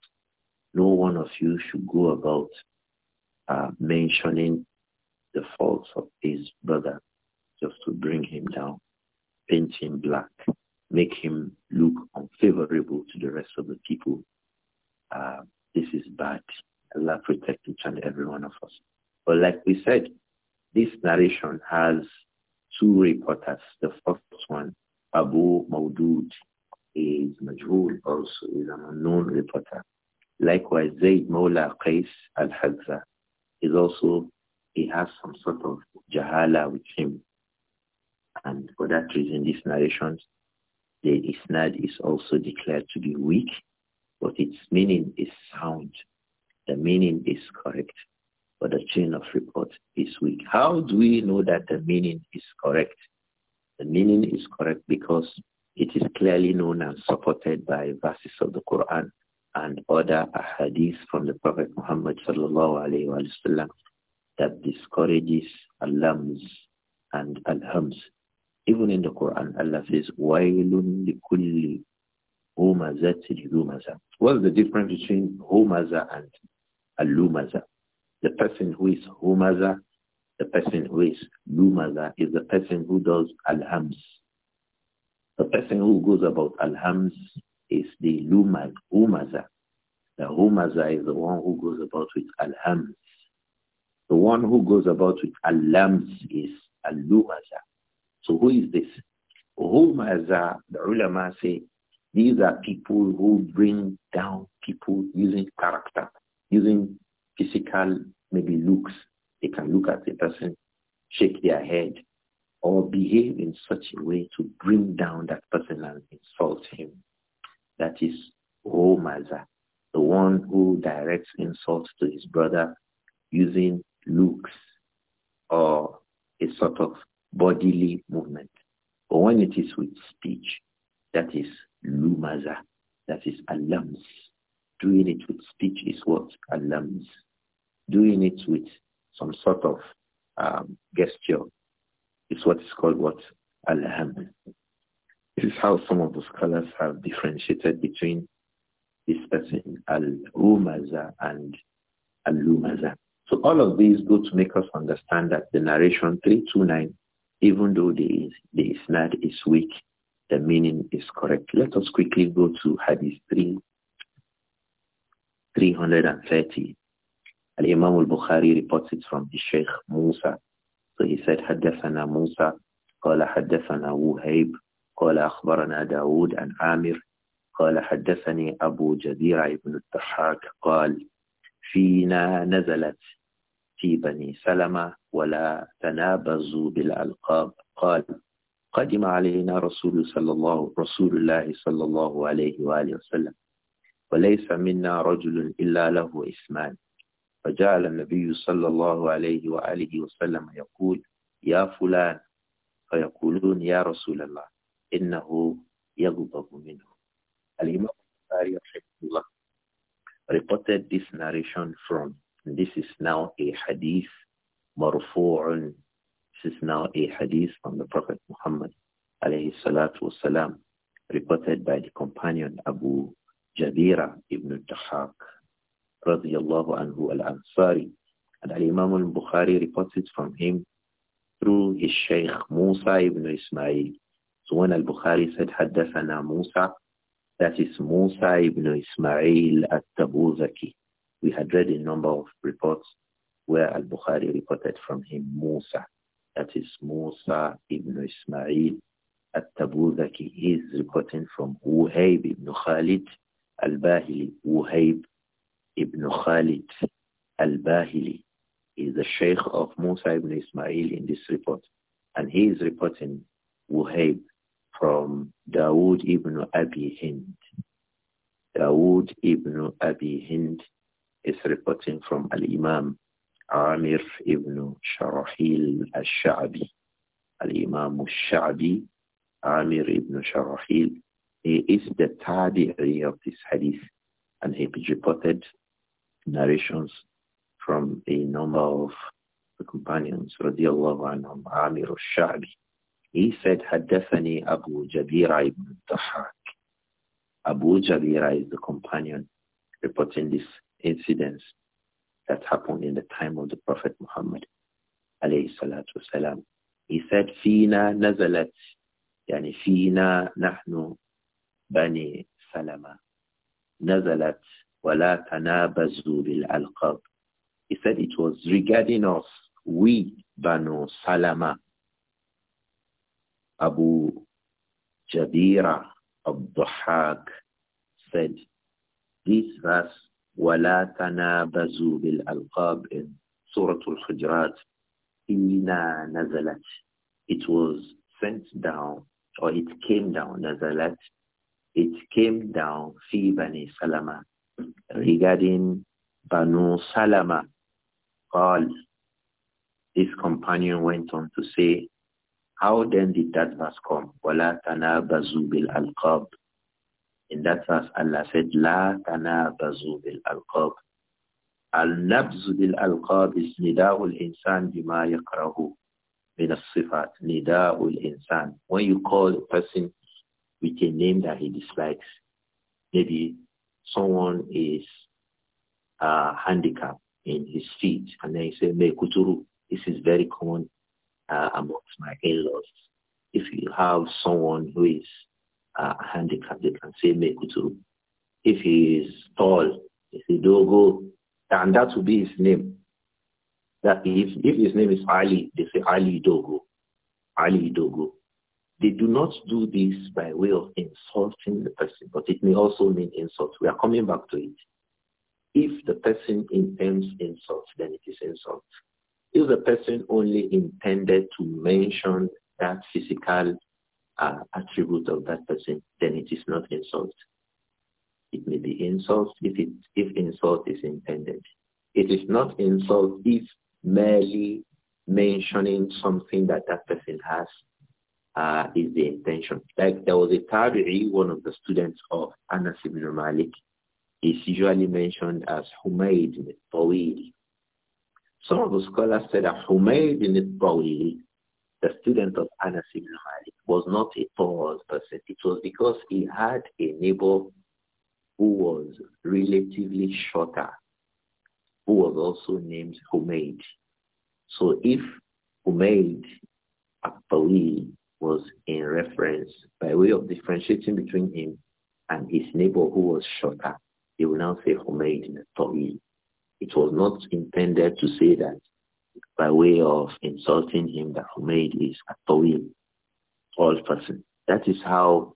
No one of you should go about uh, mentioning the faults of his brother just to bring him down, paint him black, make him look unfavorable to the rest of the people. Uh, this is bad. Allah protect each and every one of us. But like we said, this narration has two reporters. The first one, Abu Maudud, is Majhul also, is an unknown reporter. Likewise, Zayd Mawla Qais al-Hadza is also, he has some sort of jahala with him. And for that reason, this narration, the isnad is also declared to be weak, but its meaning is sound. The meaning is correct but the chain of report is weak. How do we know that the meaning is correct? The meaning is correct because it is clearly known and supported by verses of the Quran and other hadiths from the Prophet Muhammad sallallahu that discourages alams and alhams. Even in the Quran, Allah says, "Wailun likulli humazatil lumaza." What's the difference between humaza and alumaza? The person who is humaza, the person who is lumaza, is the person who does alhams. The person who goes about alhams is the lumad, humaza. The humaza is the one who goes about with alhams. The one who goes about with alhamz is alumaza. lumaza So who is this? Humaza, the ulama say, these are people who bring down people using character, using physical maybe looks. They can look at the person, shake their head, or behave in such a way to bring down that person and insult him. That is Homaza, oh, the one who directs insults to his brother using looks or a sort of bodily movement. But when it is with speech, that is lumaza, that is alams. Doing it with speech is what? Alams doing it with some sort of um, gesture is what is called what? al This is how some of the scholars have differentiated between this person, al humaza and al humaza So all of these go to make us understand that the narration 329, even though the, the isnad is weak, the meaning is correct. Let us quickly go to Hadith 3, 330 الإمام البخاري al reports it from الشيخ موسى Musa. So he said, حدثنا موسى قال حدثنا وهيب قال أخبرنا داود عن عامر قال حدثني أبو جديرة بن الضحاك قال فينا نزلت في بني سلمة ولا تنابزوا بالألقاب قال قدم علينا رسول صلى الله رسول الله صلى الله عليه وآله وسلم وليس منا رجل إلا له اسمان فجعل النبي صلى الله عليه وآله وسلم يقول يا فلان فيقولون يا رسول الله إنه يغضب منه الإمام البخاري رحمه الله reported this narration from this is now a hadith مرفوع this is now a hadith from the Prophet Muhammad alayhi salatu wasalam reported by the companion Abu Jabira ibn Dahak radiallahu anhu al-Ansari. And Al-Imam al-Bukhari reported from him through his Shaykh Musa ibn Ismail. So when al-Bukhari said, Haddathana Musa, that is Musa ibn Ismail at-Tabuzaki. We had read a number of reports where al-Bukhari reported from him Musa. That is Musa ibn Ismail at-Tabuzaki. He is reporting from Uhayb ibn Khalid al-Bahili. Uhayb ibn Khalid al-Bahili is the Sheikh of Musa ibn Ismail in this report. And he is reporting Wuhaib from Dawood ibn Abi Hind. Dawood ibn Abi Hind is reporting from Al-Imam Amir ibn Sharahil al-Sha'bi. Al-Imam al-Sha'bi, Amir ibn Sharahil, he is the tabi'i of this hadith and he reported narrations from a number of the companions, radiallahu anhum, Amir al-Sha'bi. He said, Haddathani Abu Jabira ibn Dahak. Abu Jabira is the companion reporting this incidents that happened in the time of the Prophet Muhammad, alayhi salatu wasalam. He said, Fina nazalat, yani Fina nahnu bani salama. Nazalat وَلَا تَنَابَزُوا بِالْأَلْقَابِ He said it was regarding us, we, Banu Salama, Abu Jabira al-Dhahak said, this verse, وَلَا تَنَابَزُوا بِالْأَلْقَابِ in Surah Al-Hujurat, إِنَّا نَزَلَتْ It was sent down, or it came down, نَزَلَتْ It came down, فِي بَنِي سَلَمَةٍ regarding Banu Salama, قال, his companion went on to say, how then did that verse come? وَلَا تَنَابَزُوا بِالْأَلْقَابِ In that verse, Allah said, لَا تَنَابَزُوا بِالْأَلْقَابِ النبز بالألقاب نداء الإنسان بما يكرهه من الصفات نداء الإنسان when you call a person with a name that he dislikes maybe someone is uh, handicapped in his feet, and then he say mekuturu. This is very common uh, amongst my in-laws. If you have someone who is uh, handicapped, they can say mekuturu. If he is tall, if say dogo, and that will be his name. That if if his name is Ali, they say Ali Dogo, Ali Dogo. They do not do this by way of insulting the person, but it may also mean insult. We are coming back to it. If the person intends insult, then it is insult. If the person only intended to mention that physical uh, attribute of that person, then it is not insult. It may be insult if, it, if insult is intended. It is not insult if merely mentioning something that that person has uh, is the intention. Like there was a Tabi'i, one of the students of Anas ibn Malik, is usually mentioned as Humaid ibn Tawil. Some of the scholars said that Humaid ibn Tawil, the student of Anas ibn Malik, was not a tall person. It was because he had a neighbor who was relatively shorter, who was also named Humaid. So if Humayd Abdali was in reference by way of differentiating between him and his neighbor who was shorter. He will now say the Tawi. It was not intended to say that by way of insulting him that Humayd is a Tawi, tall person. That is how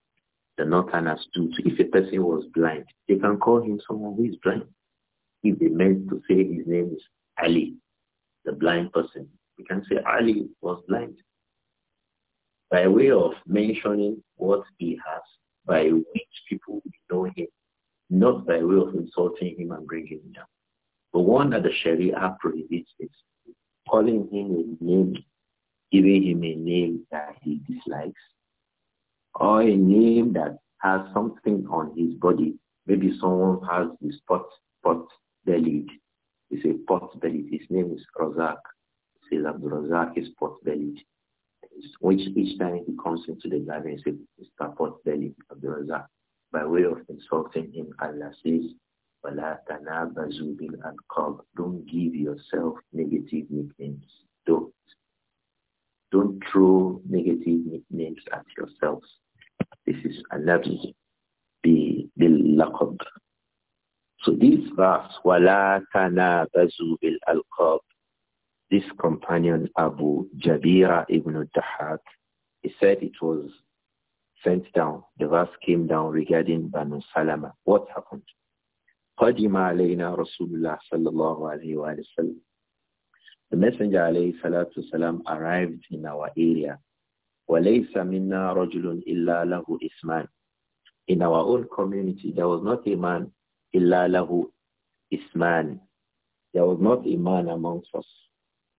the Northerners do. So if a person was blind, they can call him someone who is blind. If they meant to say his name is Ali, the blind person, we can say Ali was blind by way of mentioning what he has, by which people know him, not by way of insulting him and bringing him down. The one that the Sharia prohibits is calling him a name, giving him a name that he dislikes, or a name that has something on his body. Maybe someone has this pot, pot bellied. It's a pot bellied. His name is Razak. Says Abdul Razak is pot bellied which each time he comes into the garden, he supports the lip of the razak by way of insulting him. Allah says, وَلَا تَنَابَزُوا بِالْأَلْقَابِ Don't give yourself negative nicknames. Don't. Don't throw negative nicknames at yourselves. This is another the laqab. So this verse, وَلَا تَنَابَزُوا بِالْأَلْقَابِ this companion Abu Jabira ibn Dahak, he said it was sent down, the verse came down regarding Banu Salama. What happened? قدم علينا رسول الله صلى الله عليه وسلم. The Messenger عليه الصلاة والسلام arrived in our area. وليس منا رجل إلا له إسمان. In our own community, there was not a man إلا له إسمان. There was not a man amongst us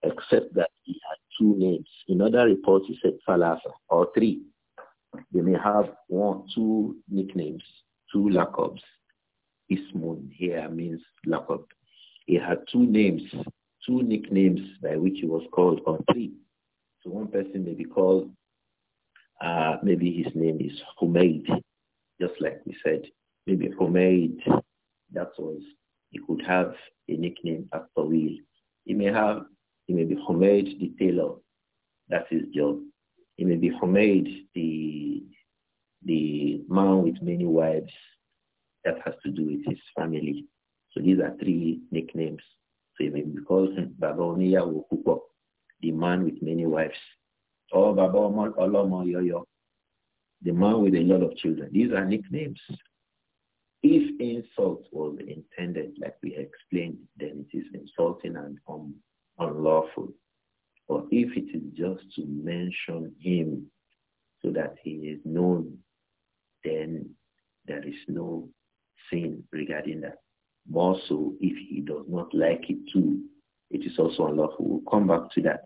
except that he had two names. In other reports, he said Falasa, or three. They may have one, two nicknames, two lakobs. Ismun here means lakob. He had two names, two nicknames by which he was called, or three. So one person may be called, uh, maybe his name is Humaid, just like we said. Maybe Humaid, that was, he could have a nickname after Will. He may have he may be Humayd the tailor. That's his job. He may be Humayd the, the man with many wives. That has to do with his family. So these are three nicknames. So he may be called Baba Oniya Okupo, the man with many wives. Or Baba Olomo Yoyo, the man with a lot of children. These are nicknames. If insult was intended, like we explained, then it is insulting and um, unlawful, or if it is just to mention him so that he is known, then there is no sin regarding that. More so if he does not like it too, it is also unlawful. We'll come back to that.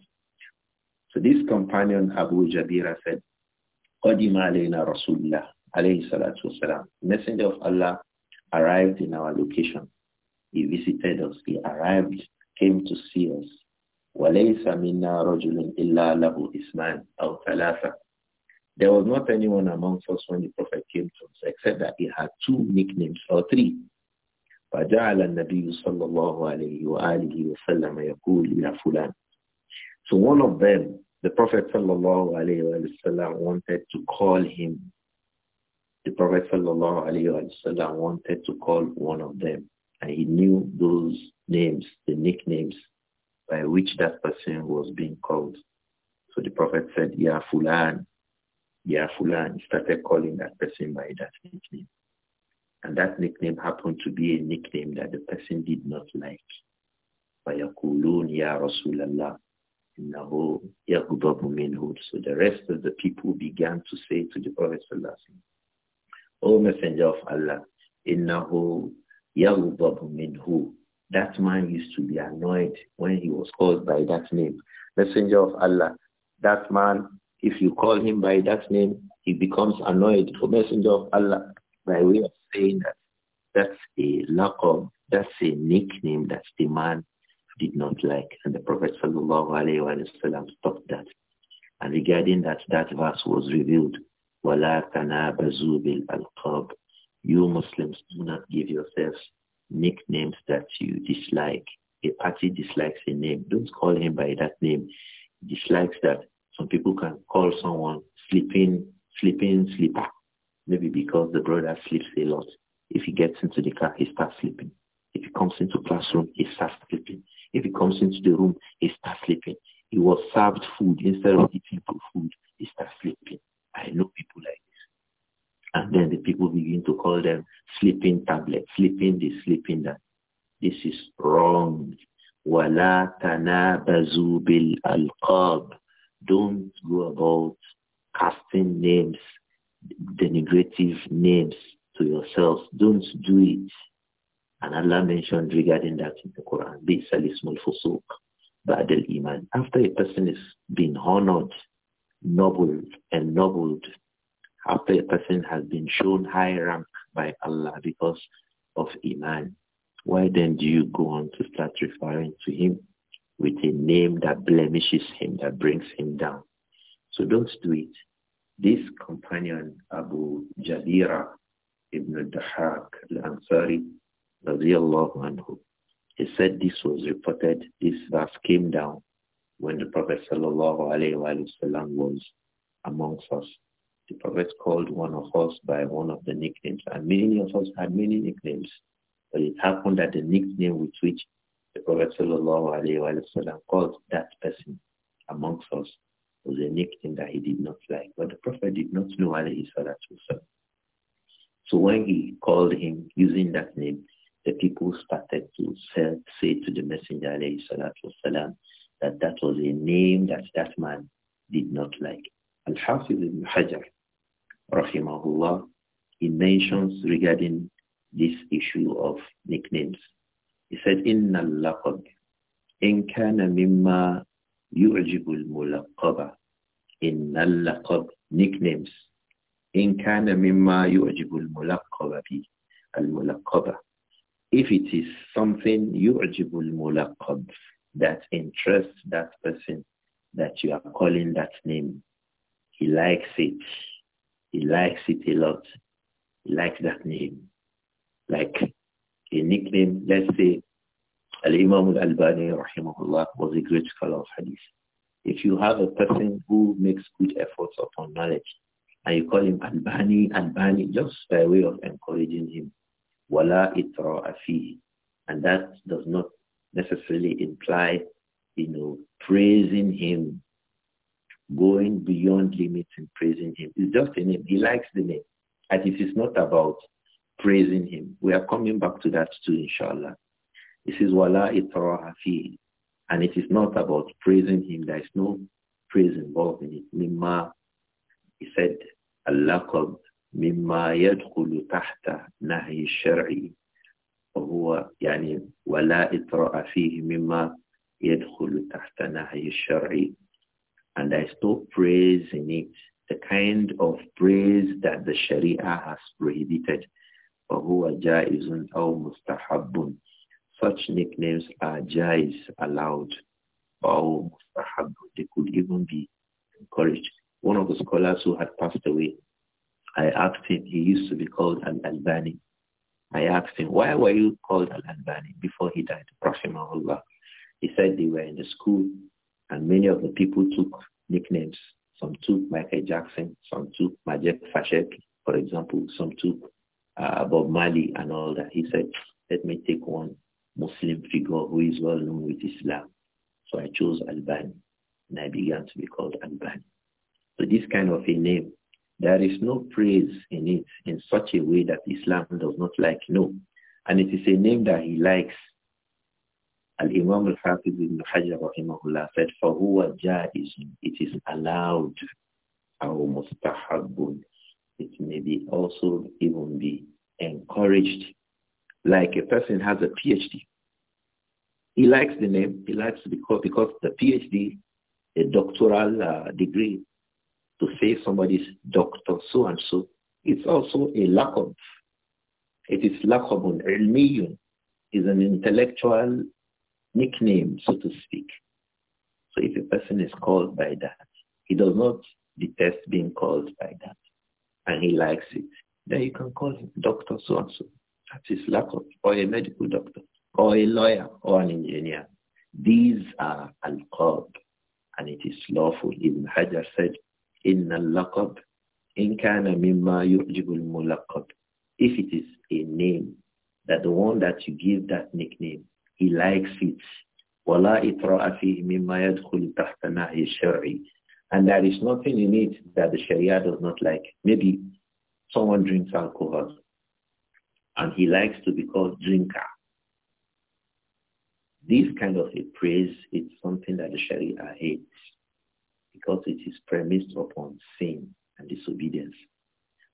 So this companion Abu Jabira said, قدم علينا Rasulullah alayhi عليه الصلاة Messenger of Allah arrived in our location. He visited us. He arrived, came to see us. وَلَيْسَ مِنَّا رَجُلٌ إِلَّا لَهُ إِسْمَانٍ أَوْ There was not anyone amongst us when the Prophet came to us except that he had two nicknames or three. فَجَعَلَ النَّبِيُّ صَلَّى اللَّهُ عَلَيْهِ وَآلِهِ وَسَلَّمَ يَقُولُ يَا فُلَانٍ So one of them, the Prophet sallallahu alayhi wa wanted to call him. The Prophet sallallahu alayhi wa wanted to call one of them. And he knew those names, the nicknames by which that person was being called. So the Prophet said, Ya Fulan, Ya Fulan. He started calling that person by that nickname. And that nickname happened to be a nickname that the person did not like. فَيَقُولُونَ يَا رَسُولَ اللَّهِ إِنَّهُ يَغْضَبُ مِنْهُ So the rest of the people began to say to the Prophet Sallallahu O Messenger of Allah, إِنَّهُ يَغْضَبُ مِنْهُ that man used to be annoyed when he was called by that name. Messenger of Allah, that man, if you call him by that name, he becomes annoyed. for oh, messenger of Allah, by way of saying that that's a laqab, that's a nickname that the man did not like. And the Prophet sallallahu stopped that. And regarding that, that verse was revealed. وَلَا تَنَابَزُوا بِالْأَلْقَابِ You Muslims do not give yourselves nicknames that you dislike. A party dislikes a name. Don't call him by that name. He dislikes that some people can call someone sleeping, sleeping sleeper. Maybe because the brother sleeps a lot. If he gets into the car, he starts sleeping. If he comes into classroom, he starts sleeping. If he comes into the room, he starts sleeping. He was served food instead of eating food. He starts sleeping. I know people like and then the people begin to call them sleeping tablets, sleeping this, sleeping that. This is wrong. وَلَا تَنَابَزُوا بِالْأَلْقَابِ Don't go about casting names, denigrative names to yourselves. Don't do it. And Allah mentioned regarding that in the Quran, بِئْسَ الْإِسْمُ الْفُسُوقِ بَعْدَ الْإِيمَانِ After a person is being honored, nobled, ennobled, a person has been shown high rank by Allah because of Iman, why then do you go on to start referring to him with a name that blemishes him, that brings him down? So don't do it. This companion, Abu Jadira ibn al al-Ansari, anhu, he said this was reported, this verse came down when the Prophet sallallahu alayhi wa was amongst us. The Prophet called one of us by one of the nicknames, and many of us had many nicknames. But it happened that the nickname with which the Prophet wasallam called that person amongst us was a nickname that he did not like. But the Prophet did not know alayhi salatu So when he called him using that name, the people started to say to the Messenger alayhi salatu that that was a name that that man did not like. And hafiz ibn Hajar rahimahullah, he mentions regarding this issue of nicknames. He said, إِنَّ اللَّقَبْ إِنْ كَانَ مِمَّا يُعْجِبُ الْمُلَقَّبَ إِنَّ اللَّقَبْ Nicknames. إِنْ كَانَ مِمَّا يُعْجِبُ الْمُلَقَّبَ الْمُلَقَّبَ If it is something يُعْجِبُ الْمُلَقَّبَ that interests that person that you are calling that name, he likes it he likes it a lot. He likes that name. Like a nickname, let's say Al-Imam al-Albani rahimahullah was a great scholar of hadith. If you have a person who makes good efforts upon knowledge and you call him Al-Bani, just by way of encouraging him, wala itra And that does not necessarily imply, you know, praising him going beyond limits in praising him. It's just a name. He likes the name. And it is not about praising him. We are coming back to that too, inshallah. This is wala itraha fihi. And it is not about praising him. There is no praise involved in it. Mimma, he said, al-laqab مما يدخل nahi shar'i. الشرعي وهو يعني ولا إطراء فيه مما يدخل تحت نهي الشرعي and I no praise in it, the kind of praise that the Sharia has prohibited. فَهُوَ جَائِزٌ أَوْ مُسْتَحَبٌ Such nicknames are jais, allowed, They could even be encouraged. One of the scholars who had passed away, I asked him, he used to be called Al-Albani. I asked him, why were you called Al-Albani before he died, Rahimahullah? He said they were in the school and many of the people took nicknames. Some took Michael Jackson, some took Majek Fashek, for example, some took uh, Bob Mali and all that. He said, let me take one Muslim figure who is well known with Islam. So I chose Albani and I began to be called Albani. So this kind of a name, there is no praise in it in such a way that Islam does not like. No. And it is a name that he likes Al-Imam al-Hafiz ibn Hajar rahimahullah said, فَهُوَ جَائِزٌ It is allowed. أَوْ مُسْتَحَبٌ It may be also even be encouraged. Like a person has a PhD. He likes the name. He likes because, because the PhD, a doctoral uh, degree, to say somebody's doctor so-and-so, it's also a of. It is lakabun ilmiyun. is an intellectual nickname, so to speak. So if a person is called by that, he does not detest being called by that, and he likes it, then you can call him Dr. So-and-so. That is Lakoff, or a medical doctor, or a lawyer, or an engineer. These are al-qab, and it is lawful. Ibn Hajar said, إِنَّ اللَّقَبْ in kana مِمَّا يُعْجِبُ الملقب. If it is a name, that the one that you give that nickname, he likes it. وَلَا إِطْرَاءَ فِيهِ مِمَّا يَدْخُلُ تَحْتَ نَعِي الشَّرْعِ And there is nothing in it that the Sharia does not like. Maybe someone drinks alcohol and he likes to be called drinker. This kind of a praise is something that the Sharia hates because it is premised upon sin and disobedience.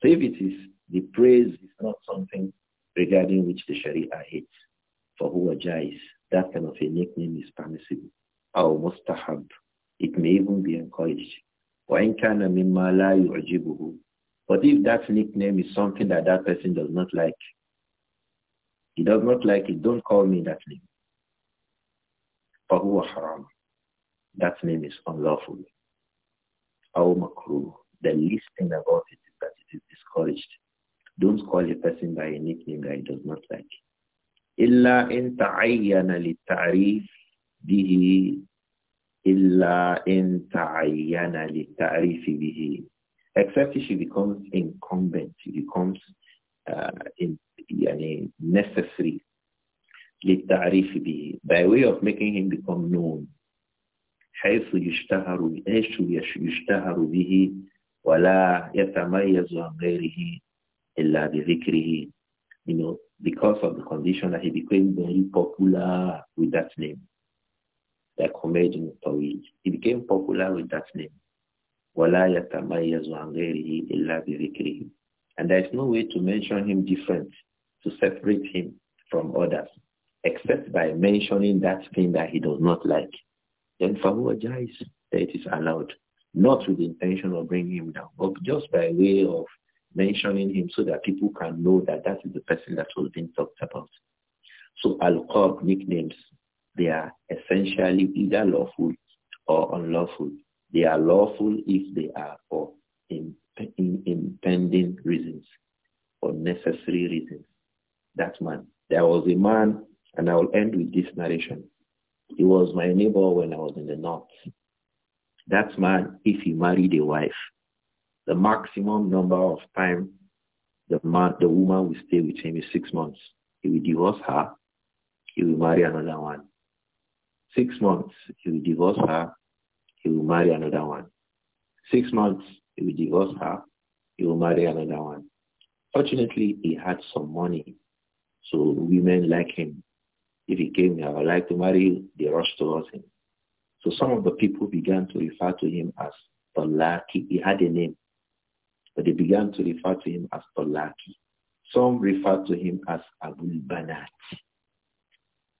So if it is the praise is not something regarding which the Sharia hates, فَهُوَ جَائِز That kind of a nickname is permissible. or مستحب. It may even be encouraged. But if that nickname is something that that person does not like, he does not like it, don't call me that name. فَهُوَ حَرَامٌ That name is unlawful. the least thing about it is that it is discouraged. Don't call a person by a nickname that he does not like. إلا إن تعين للتعريف به إلا إن تعين للتعريف به except she becomes incumbent she becomes uh, in, يعني necessary للتعريف به by way of making him become known حيث يشتهر ايش يشتهر به ولا يتميز عن غيره إلا بذكره you know, because of the condition that he became very popular with that name. Like Comedian Tawij. He became popular with that name. And there is no way to mention him different, to separate him from others, except by mentioning that thing that he does not like. Then فَهُوَ جَائِز It is allowed. Not with the intention of bringing him down, but just by way of mentioning him so that people can know that that is the person that was being talked about. So al-qab nicknames, they are essentially either lawful or unlawful. They are lawful if they are for in, in, impending reasons or necessary reasons. That man. There was a man, and I will end with this narration. He was my neighbor when I was in the north. That man, if he married a wife, the maximum number of time the man, the woman will stay with him is six months. He will divorce her. He will marry another one. Six months, he will divorce her. He will marry another one. Six months, he will divorce her. He will marry another one. Fortunately, he had some money. So women like him. If he came, I would like to marry you, they rushed towards him. So some of the people began to refer to him as lucky. He had a name they began to refer to him as Tolaki. Some refer to him as Abul Banat.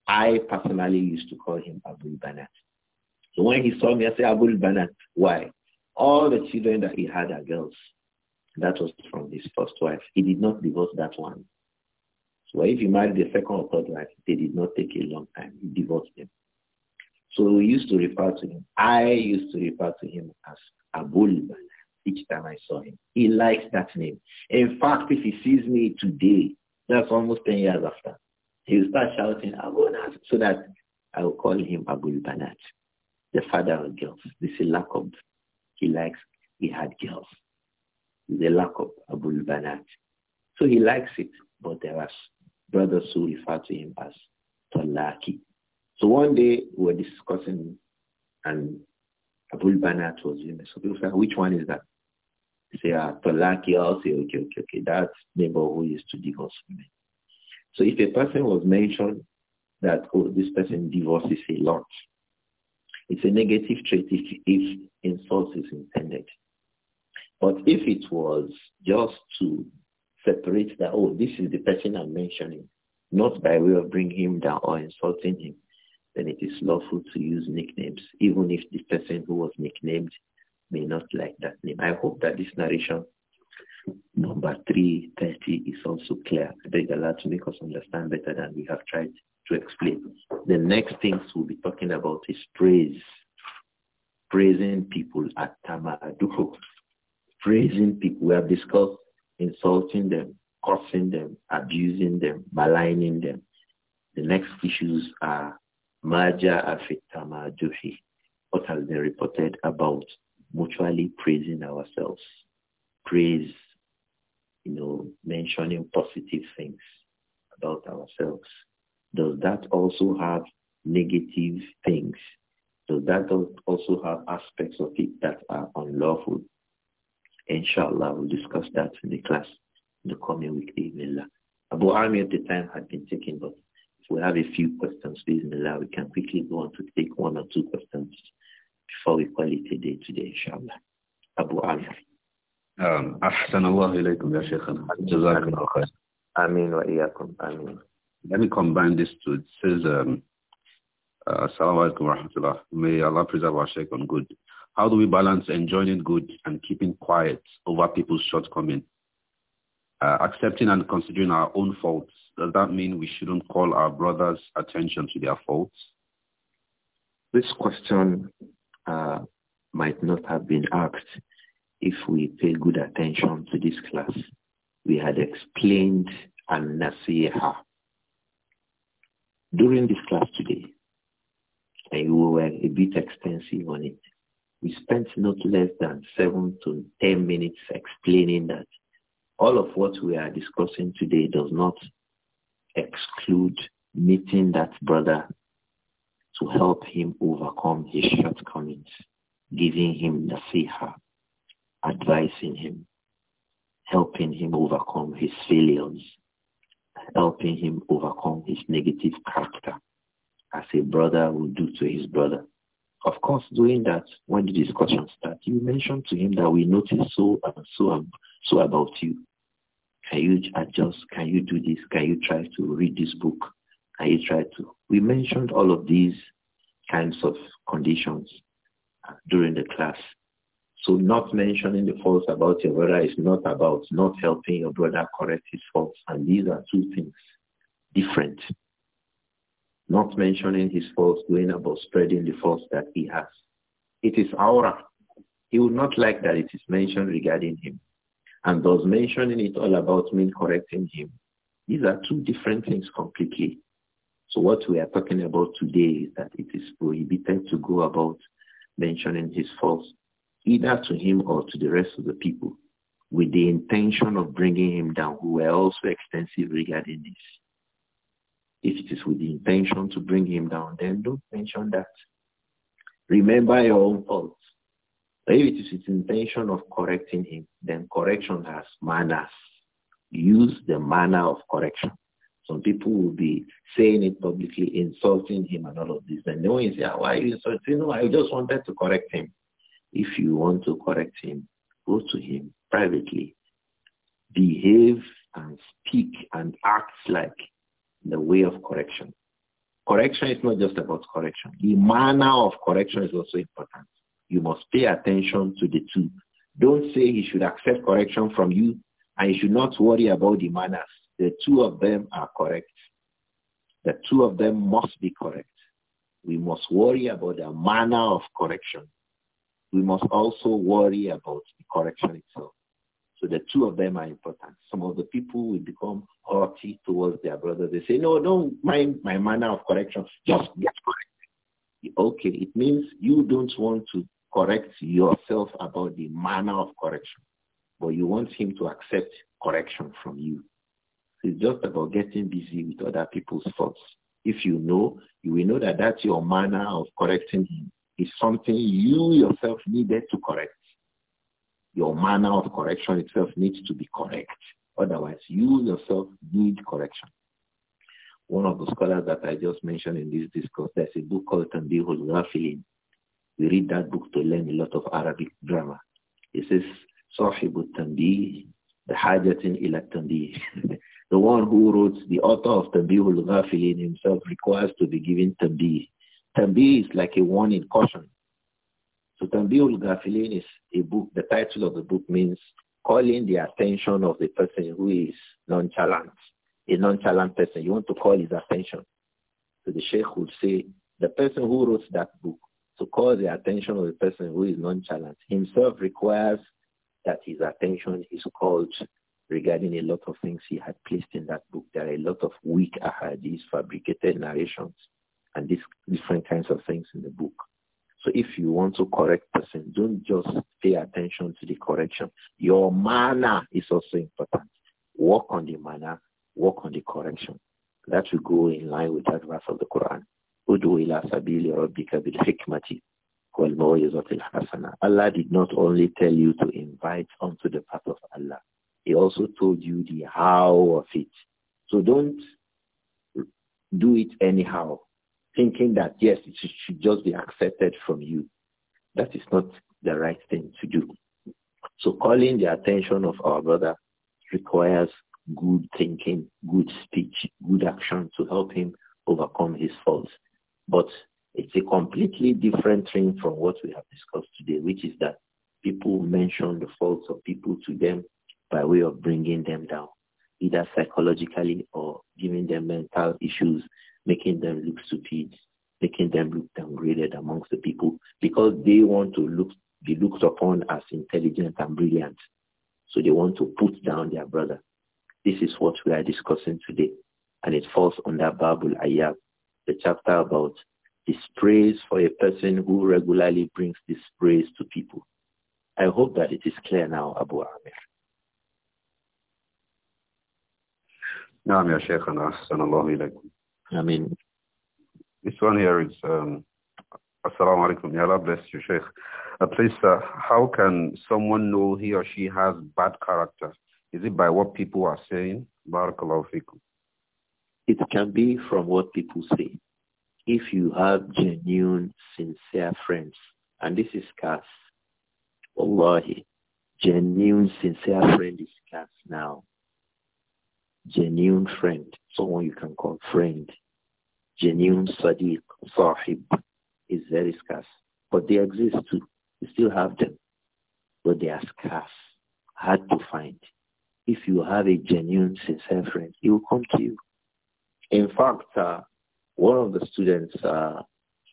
I personally used to call him Abul Banat. So when he saw me, I said, Abul Banat. Why? All the children that he had are girls. That was from his first wife. He did not divorce that one. So if he married the second or third wife, they did not take a long time. He divorced them. So we used to refer to him. I used to refer to him as Abul Banat each time I saw him. He likes that name. In fact, if he sees me today, that's almost 10 years after, he'll start shouting, Abu Nas, so that I will call him Abu Banat, the father of girls. This is Lakob. He likes, he had girls. The Lakob, Abu Banat. So he likes it, but there are brothers who refer to him as Tolaki. So one day we were discussing and Abul Banat was in. So people said, which one is that? say, ah, Tolaki, I'll say, okay, okay, okay, that neighbor who used to divorce me. So if a person was mentioned that, oh, this person divorces a lot, it's a negative trait if, if insult is intended. But if it was just to separate that, oh, this is the person I'm mentioning, not by way of bringing him down or insulting him, then it is lawful to use nicknames, even if the person who was nicknamed may not like that name. I hope that this narration number 330 is also clear. I allowed to make us understand better than we have tried to explain. The next things we'll be talking about is praise. Praising people at Tamaduho. Praising people. We have discussed insulting them, cursing them, abusing them, maligning them. The next issues are Maja Afitamaduhi. What has been reported about mutually praising ourselves. Praise, you know, mentioning positive things about ourselves. Does that also have negative things? Does that also have aspects of it that are unlawful? Inshallah, we'll discuss that in the class in the coming week, Bismillah. Abu Amir at the time had been taken, but if we have a few questions, Bismillah, we can quickly go on to take one or two a day today, inshallah. Abu Ali. أحسن الله إليكم يا شيخنا جزاك الله خير آمين وإياكم آمين Let me combine this to it says um, uh, Assalamu rahmatullah May Allah preserve our Shaykh on good How do we balance enjoying good and keeping quiet over people's shortcomings? Uh, accepting and considering our own faults, does that mean we shouldn't call our brothers' attention to their faults? This question uh, might not have been asked if we pay good attention to this class. We had explained al-nasiha during this class today, and we were a bit extensive on it. We spent not less than seven to ten minutes explaining that all of what we are discussing today does not exclude meeting that brother to help him overcome his shortcomings giving him nasiha, advising him, helping him overcome his failures, helping him overcome his negative character, as a brother would do to his brother. Of course, doing that, when the discussion starts, you mention to him that we noticed so and so and so about you. Can you adjust? Can you do this? Can you try to read this book? Can you try to? We mentioned all of these kinds of conditions during the class. So not mentioning the faults about your brother is not about not helping your brother correct his faults. And these are two things different. Not mentioning his faults, going about spreading the faults that he has. It is aura. He would not like that it is mentioned regarding him. And those mentioning it all about mean correcting him? These are two different things completely. So what we are talking about today is that it is prohibited to go about mentioning his faults, either to him or to the rest of the people, with the intention of bringing him down, who were also extensive regarding this. If it is with the intention to bring him down, then don't mention that. Remember your own faults. if it is with intention of correcting him, then correction has manners. Use the manner of correction. Some people will be saying it publicly, insulting him and all of this. And no one say, ah, why are you insulting? No, I just wanted to correct him. If you want to correct him, go to him privately. Behave and speak and act like the way of correction. Correction is not just about correction. The manner of correction is also important. You must pay attention to the two. Don't say he should accept correction from you and he should not worry about the manners the two of them are correct. The two of them must be correct. We must worry about the manner of correction. We must also worry about the correction itself. So the two of them are important. Some of the people will become haughty towards their brother. They say, no, don't mind my manner of correction. Just get corrected. Okay, it means you don't want to correct yourself about the manner of correction, but you want him to accept correction from you it's just about getting busy with other people's faults. If you know, you will know that that's your manner of correcting him. It's something you yourself needed to correct. Your manner of correction itself needs to be correct. Otherwise, you yourself need correction. One of the scholars that I just mentioned in this discourse, there's a book called Tandihul Rafilin. We read that book to learn a lot of Arabic grammar. It says, Sahib Tandih the hajatin ila the one who wrote, the author of Tanbihul himself requires to be given تنبيه. تنبيه is like a warning, caution. So Tanbihul الغافلين is a book, the title of the book means calling the attention of the person who is nonchalant. A nonchalant person, you want to call his attention. So the sheikh would say, the person who wrote that book, to call the attention of the person who is nonchalant, himself requires that his attention is called regarding a lot of things he had placed in that book. There are a lot of weak ahadis, fabricated narrations, and these different kinds of things in the book. So if you want to correct person, don't just pay attention to the correction. Your manner is also important. Work on the manner, work on the correction. That will go in line with that verse of the Quran. hikmati Allah did not only tell you to invite onto the path of Allah. He also told you the how of it. So don't do it anyhow, thinking that, yes, it should just be accepted from you. That is not the right thing to do. So calling the attention of our brother requires good thinking, good speech, good action to help him overcome his faults. But it's a completely different thing from what we have discussed today, which is that people mention the faults of people to them by way of bringing them down, either psychologically or giving them mental issues, making them look stupid, making them look downgraded amongst the people because they want to look be looked upon as intelligent and brilliant. So they want to put down their brother. This is what we are discussing today. And it falls under Babul Ayab, the chapter about is praise for a person who regularly brings this praise to people. I hope that it is clear now, Abu Amir. نعم يا شيخنا أحسن الله إليكم. آمين. This one here is um, Assalamu alaikum. May Allah bless you, Sheikh. Uh, please, sir, how can someone know he or she has bad character? Is it by what people are saying? Barakallahu fikum. It can be from what people say if you have genuine, sincere friends, and this is scarce, Wallahi, genuine, sincere friend is scarce now. Genuine friend, someone you can call friend. Genuine Sadiq, Sahib is very scarce. But they exist too. You still have them. But they are scarce, hard to find. If you have a genuine, sincere friend, he will come to you. In fact, uh, one of the students uh,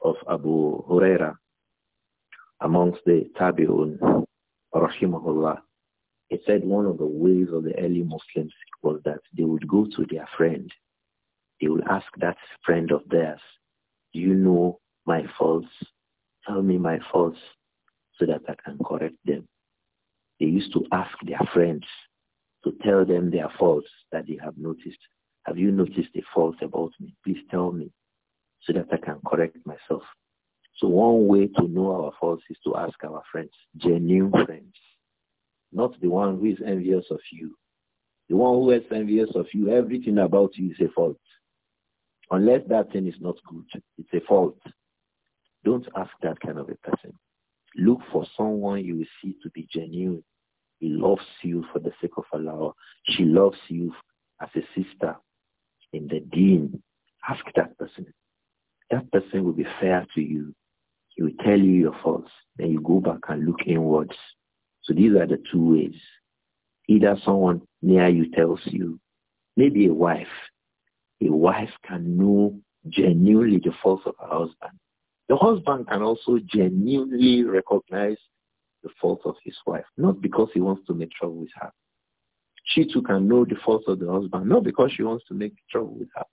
of Abu Huraira amongst the Tabi'un, rahimahullah, he said one of the ways of the early Muslims was that they would go to their friend. They would ask that friend of theirs, do you know my faults? Tell me my faults so that I can correct them. They used to ask their friends to tell them their faults that they have noticed. Have you noticed a fault about me? Please tell me so that I can correct myself. So one way to know our faults is to ask our friends, genuine friends, not the one who is envious of you. The one who is envious of you, everything about you is a fault. Unless that thing is not good, it's a fault. Don't ask that kind of a person. Look for someone you will see to be genuine. He loves you for the sake of Allah. She loves you as a sister in the deen, ask that person. That person will be fair to you. He will tell you your faults. Then you go back and look inwards. So these are the two ways. Either someone near you tells you, maybe a wife. A wife can know genuinely the faults of her husband. The husband can also genuinely recognize the faults of his wife, not because he wants to make trouble with her, she too can know the faults of the husband, not because she wants to make trouble with her,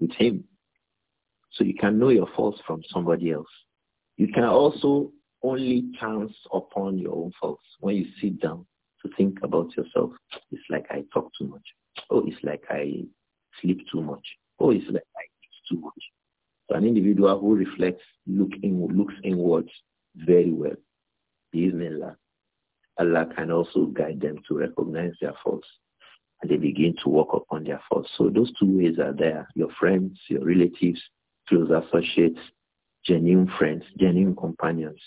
with him. So you can know your faults from somebody else. You can also only chance upon your own faults when you sit down to think about yourself. It's like I talk too much. Oh, it's like I sleep too much. Oh, it's like I eat too much. So an individual who reflects, look in, looks inwards very well. love. Allah can also guide them to recognize their faults. And they begin to work upon their faults. So those two ways are there. Your friends, your relatives, close associates, genuine friends, genuine companions,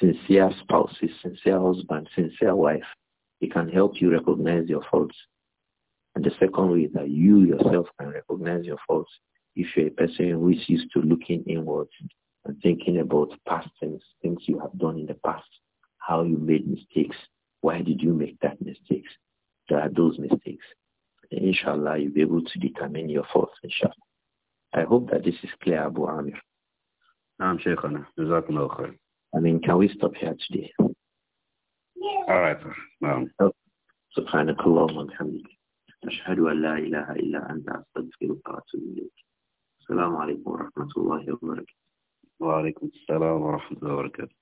sincere spouses, sincere husband, sincere wife. It can help you recognize your faults. And the second way is that you yourself can recognize your faults if you're a person who is used to looking inwards and thinking about past things, things you have done in the past, how you made mistakes, why did you make that mistakes? There are those mistakes. Inshallah, you'll be able to determine your faults, inshallah. I hope that this is clear, Abu Amir. I'm Shaykhana. I mean, can we stop here today? All right. Um, سبحانك اللهم وبحمدك أشهد أن لا إله إلا أنت أستغفرك وأتوب إليك السلام عليكم ورحمة الله وبركاته وعليكم السلام ورحمة الله وبركاته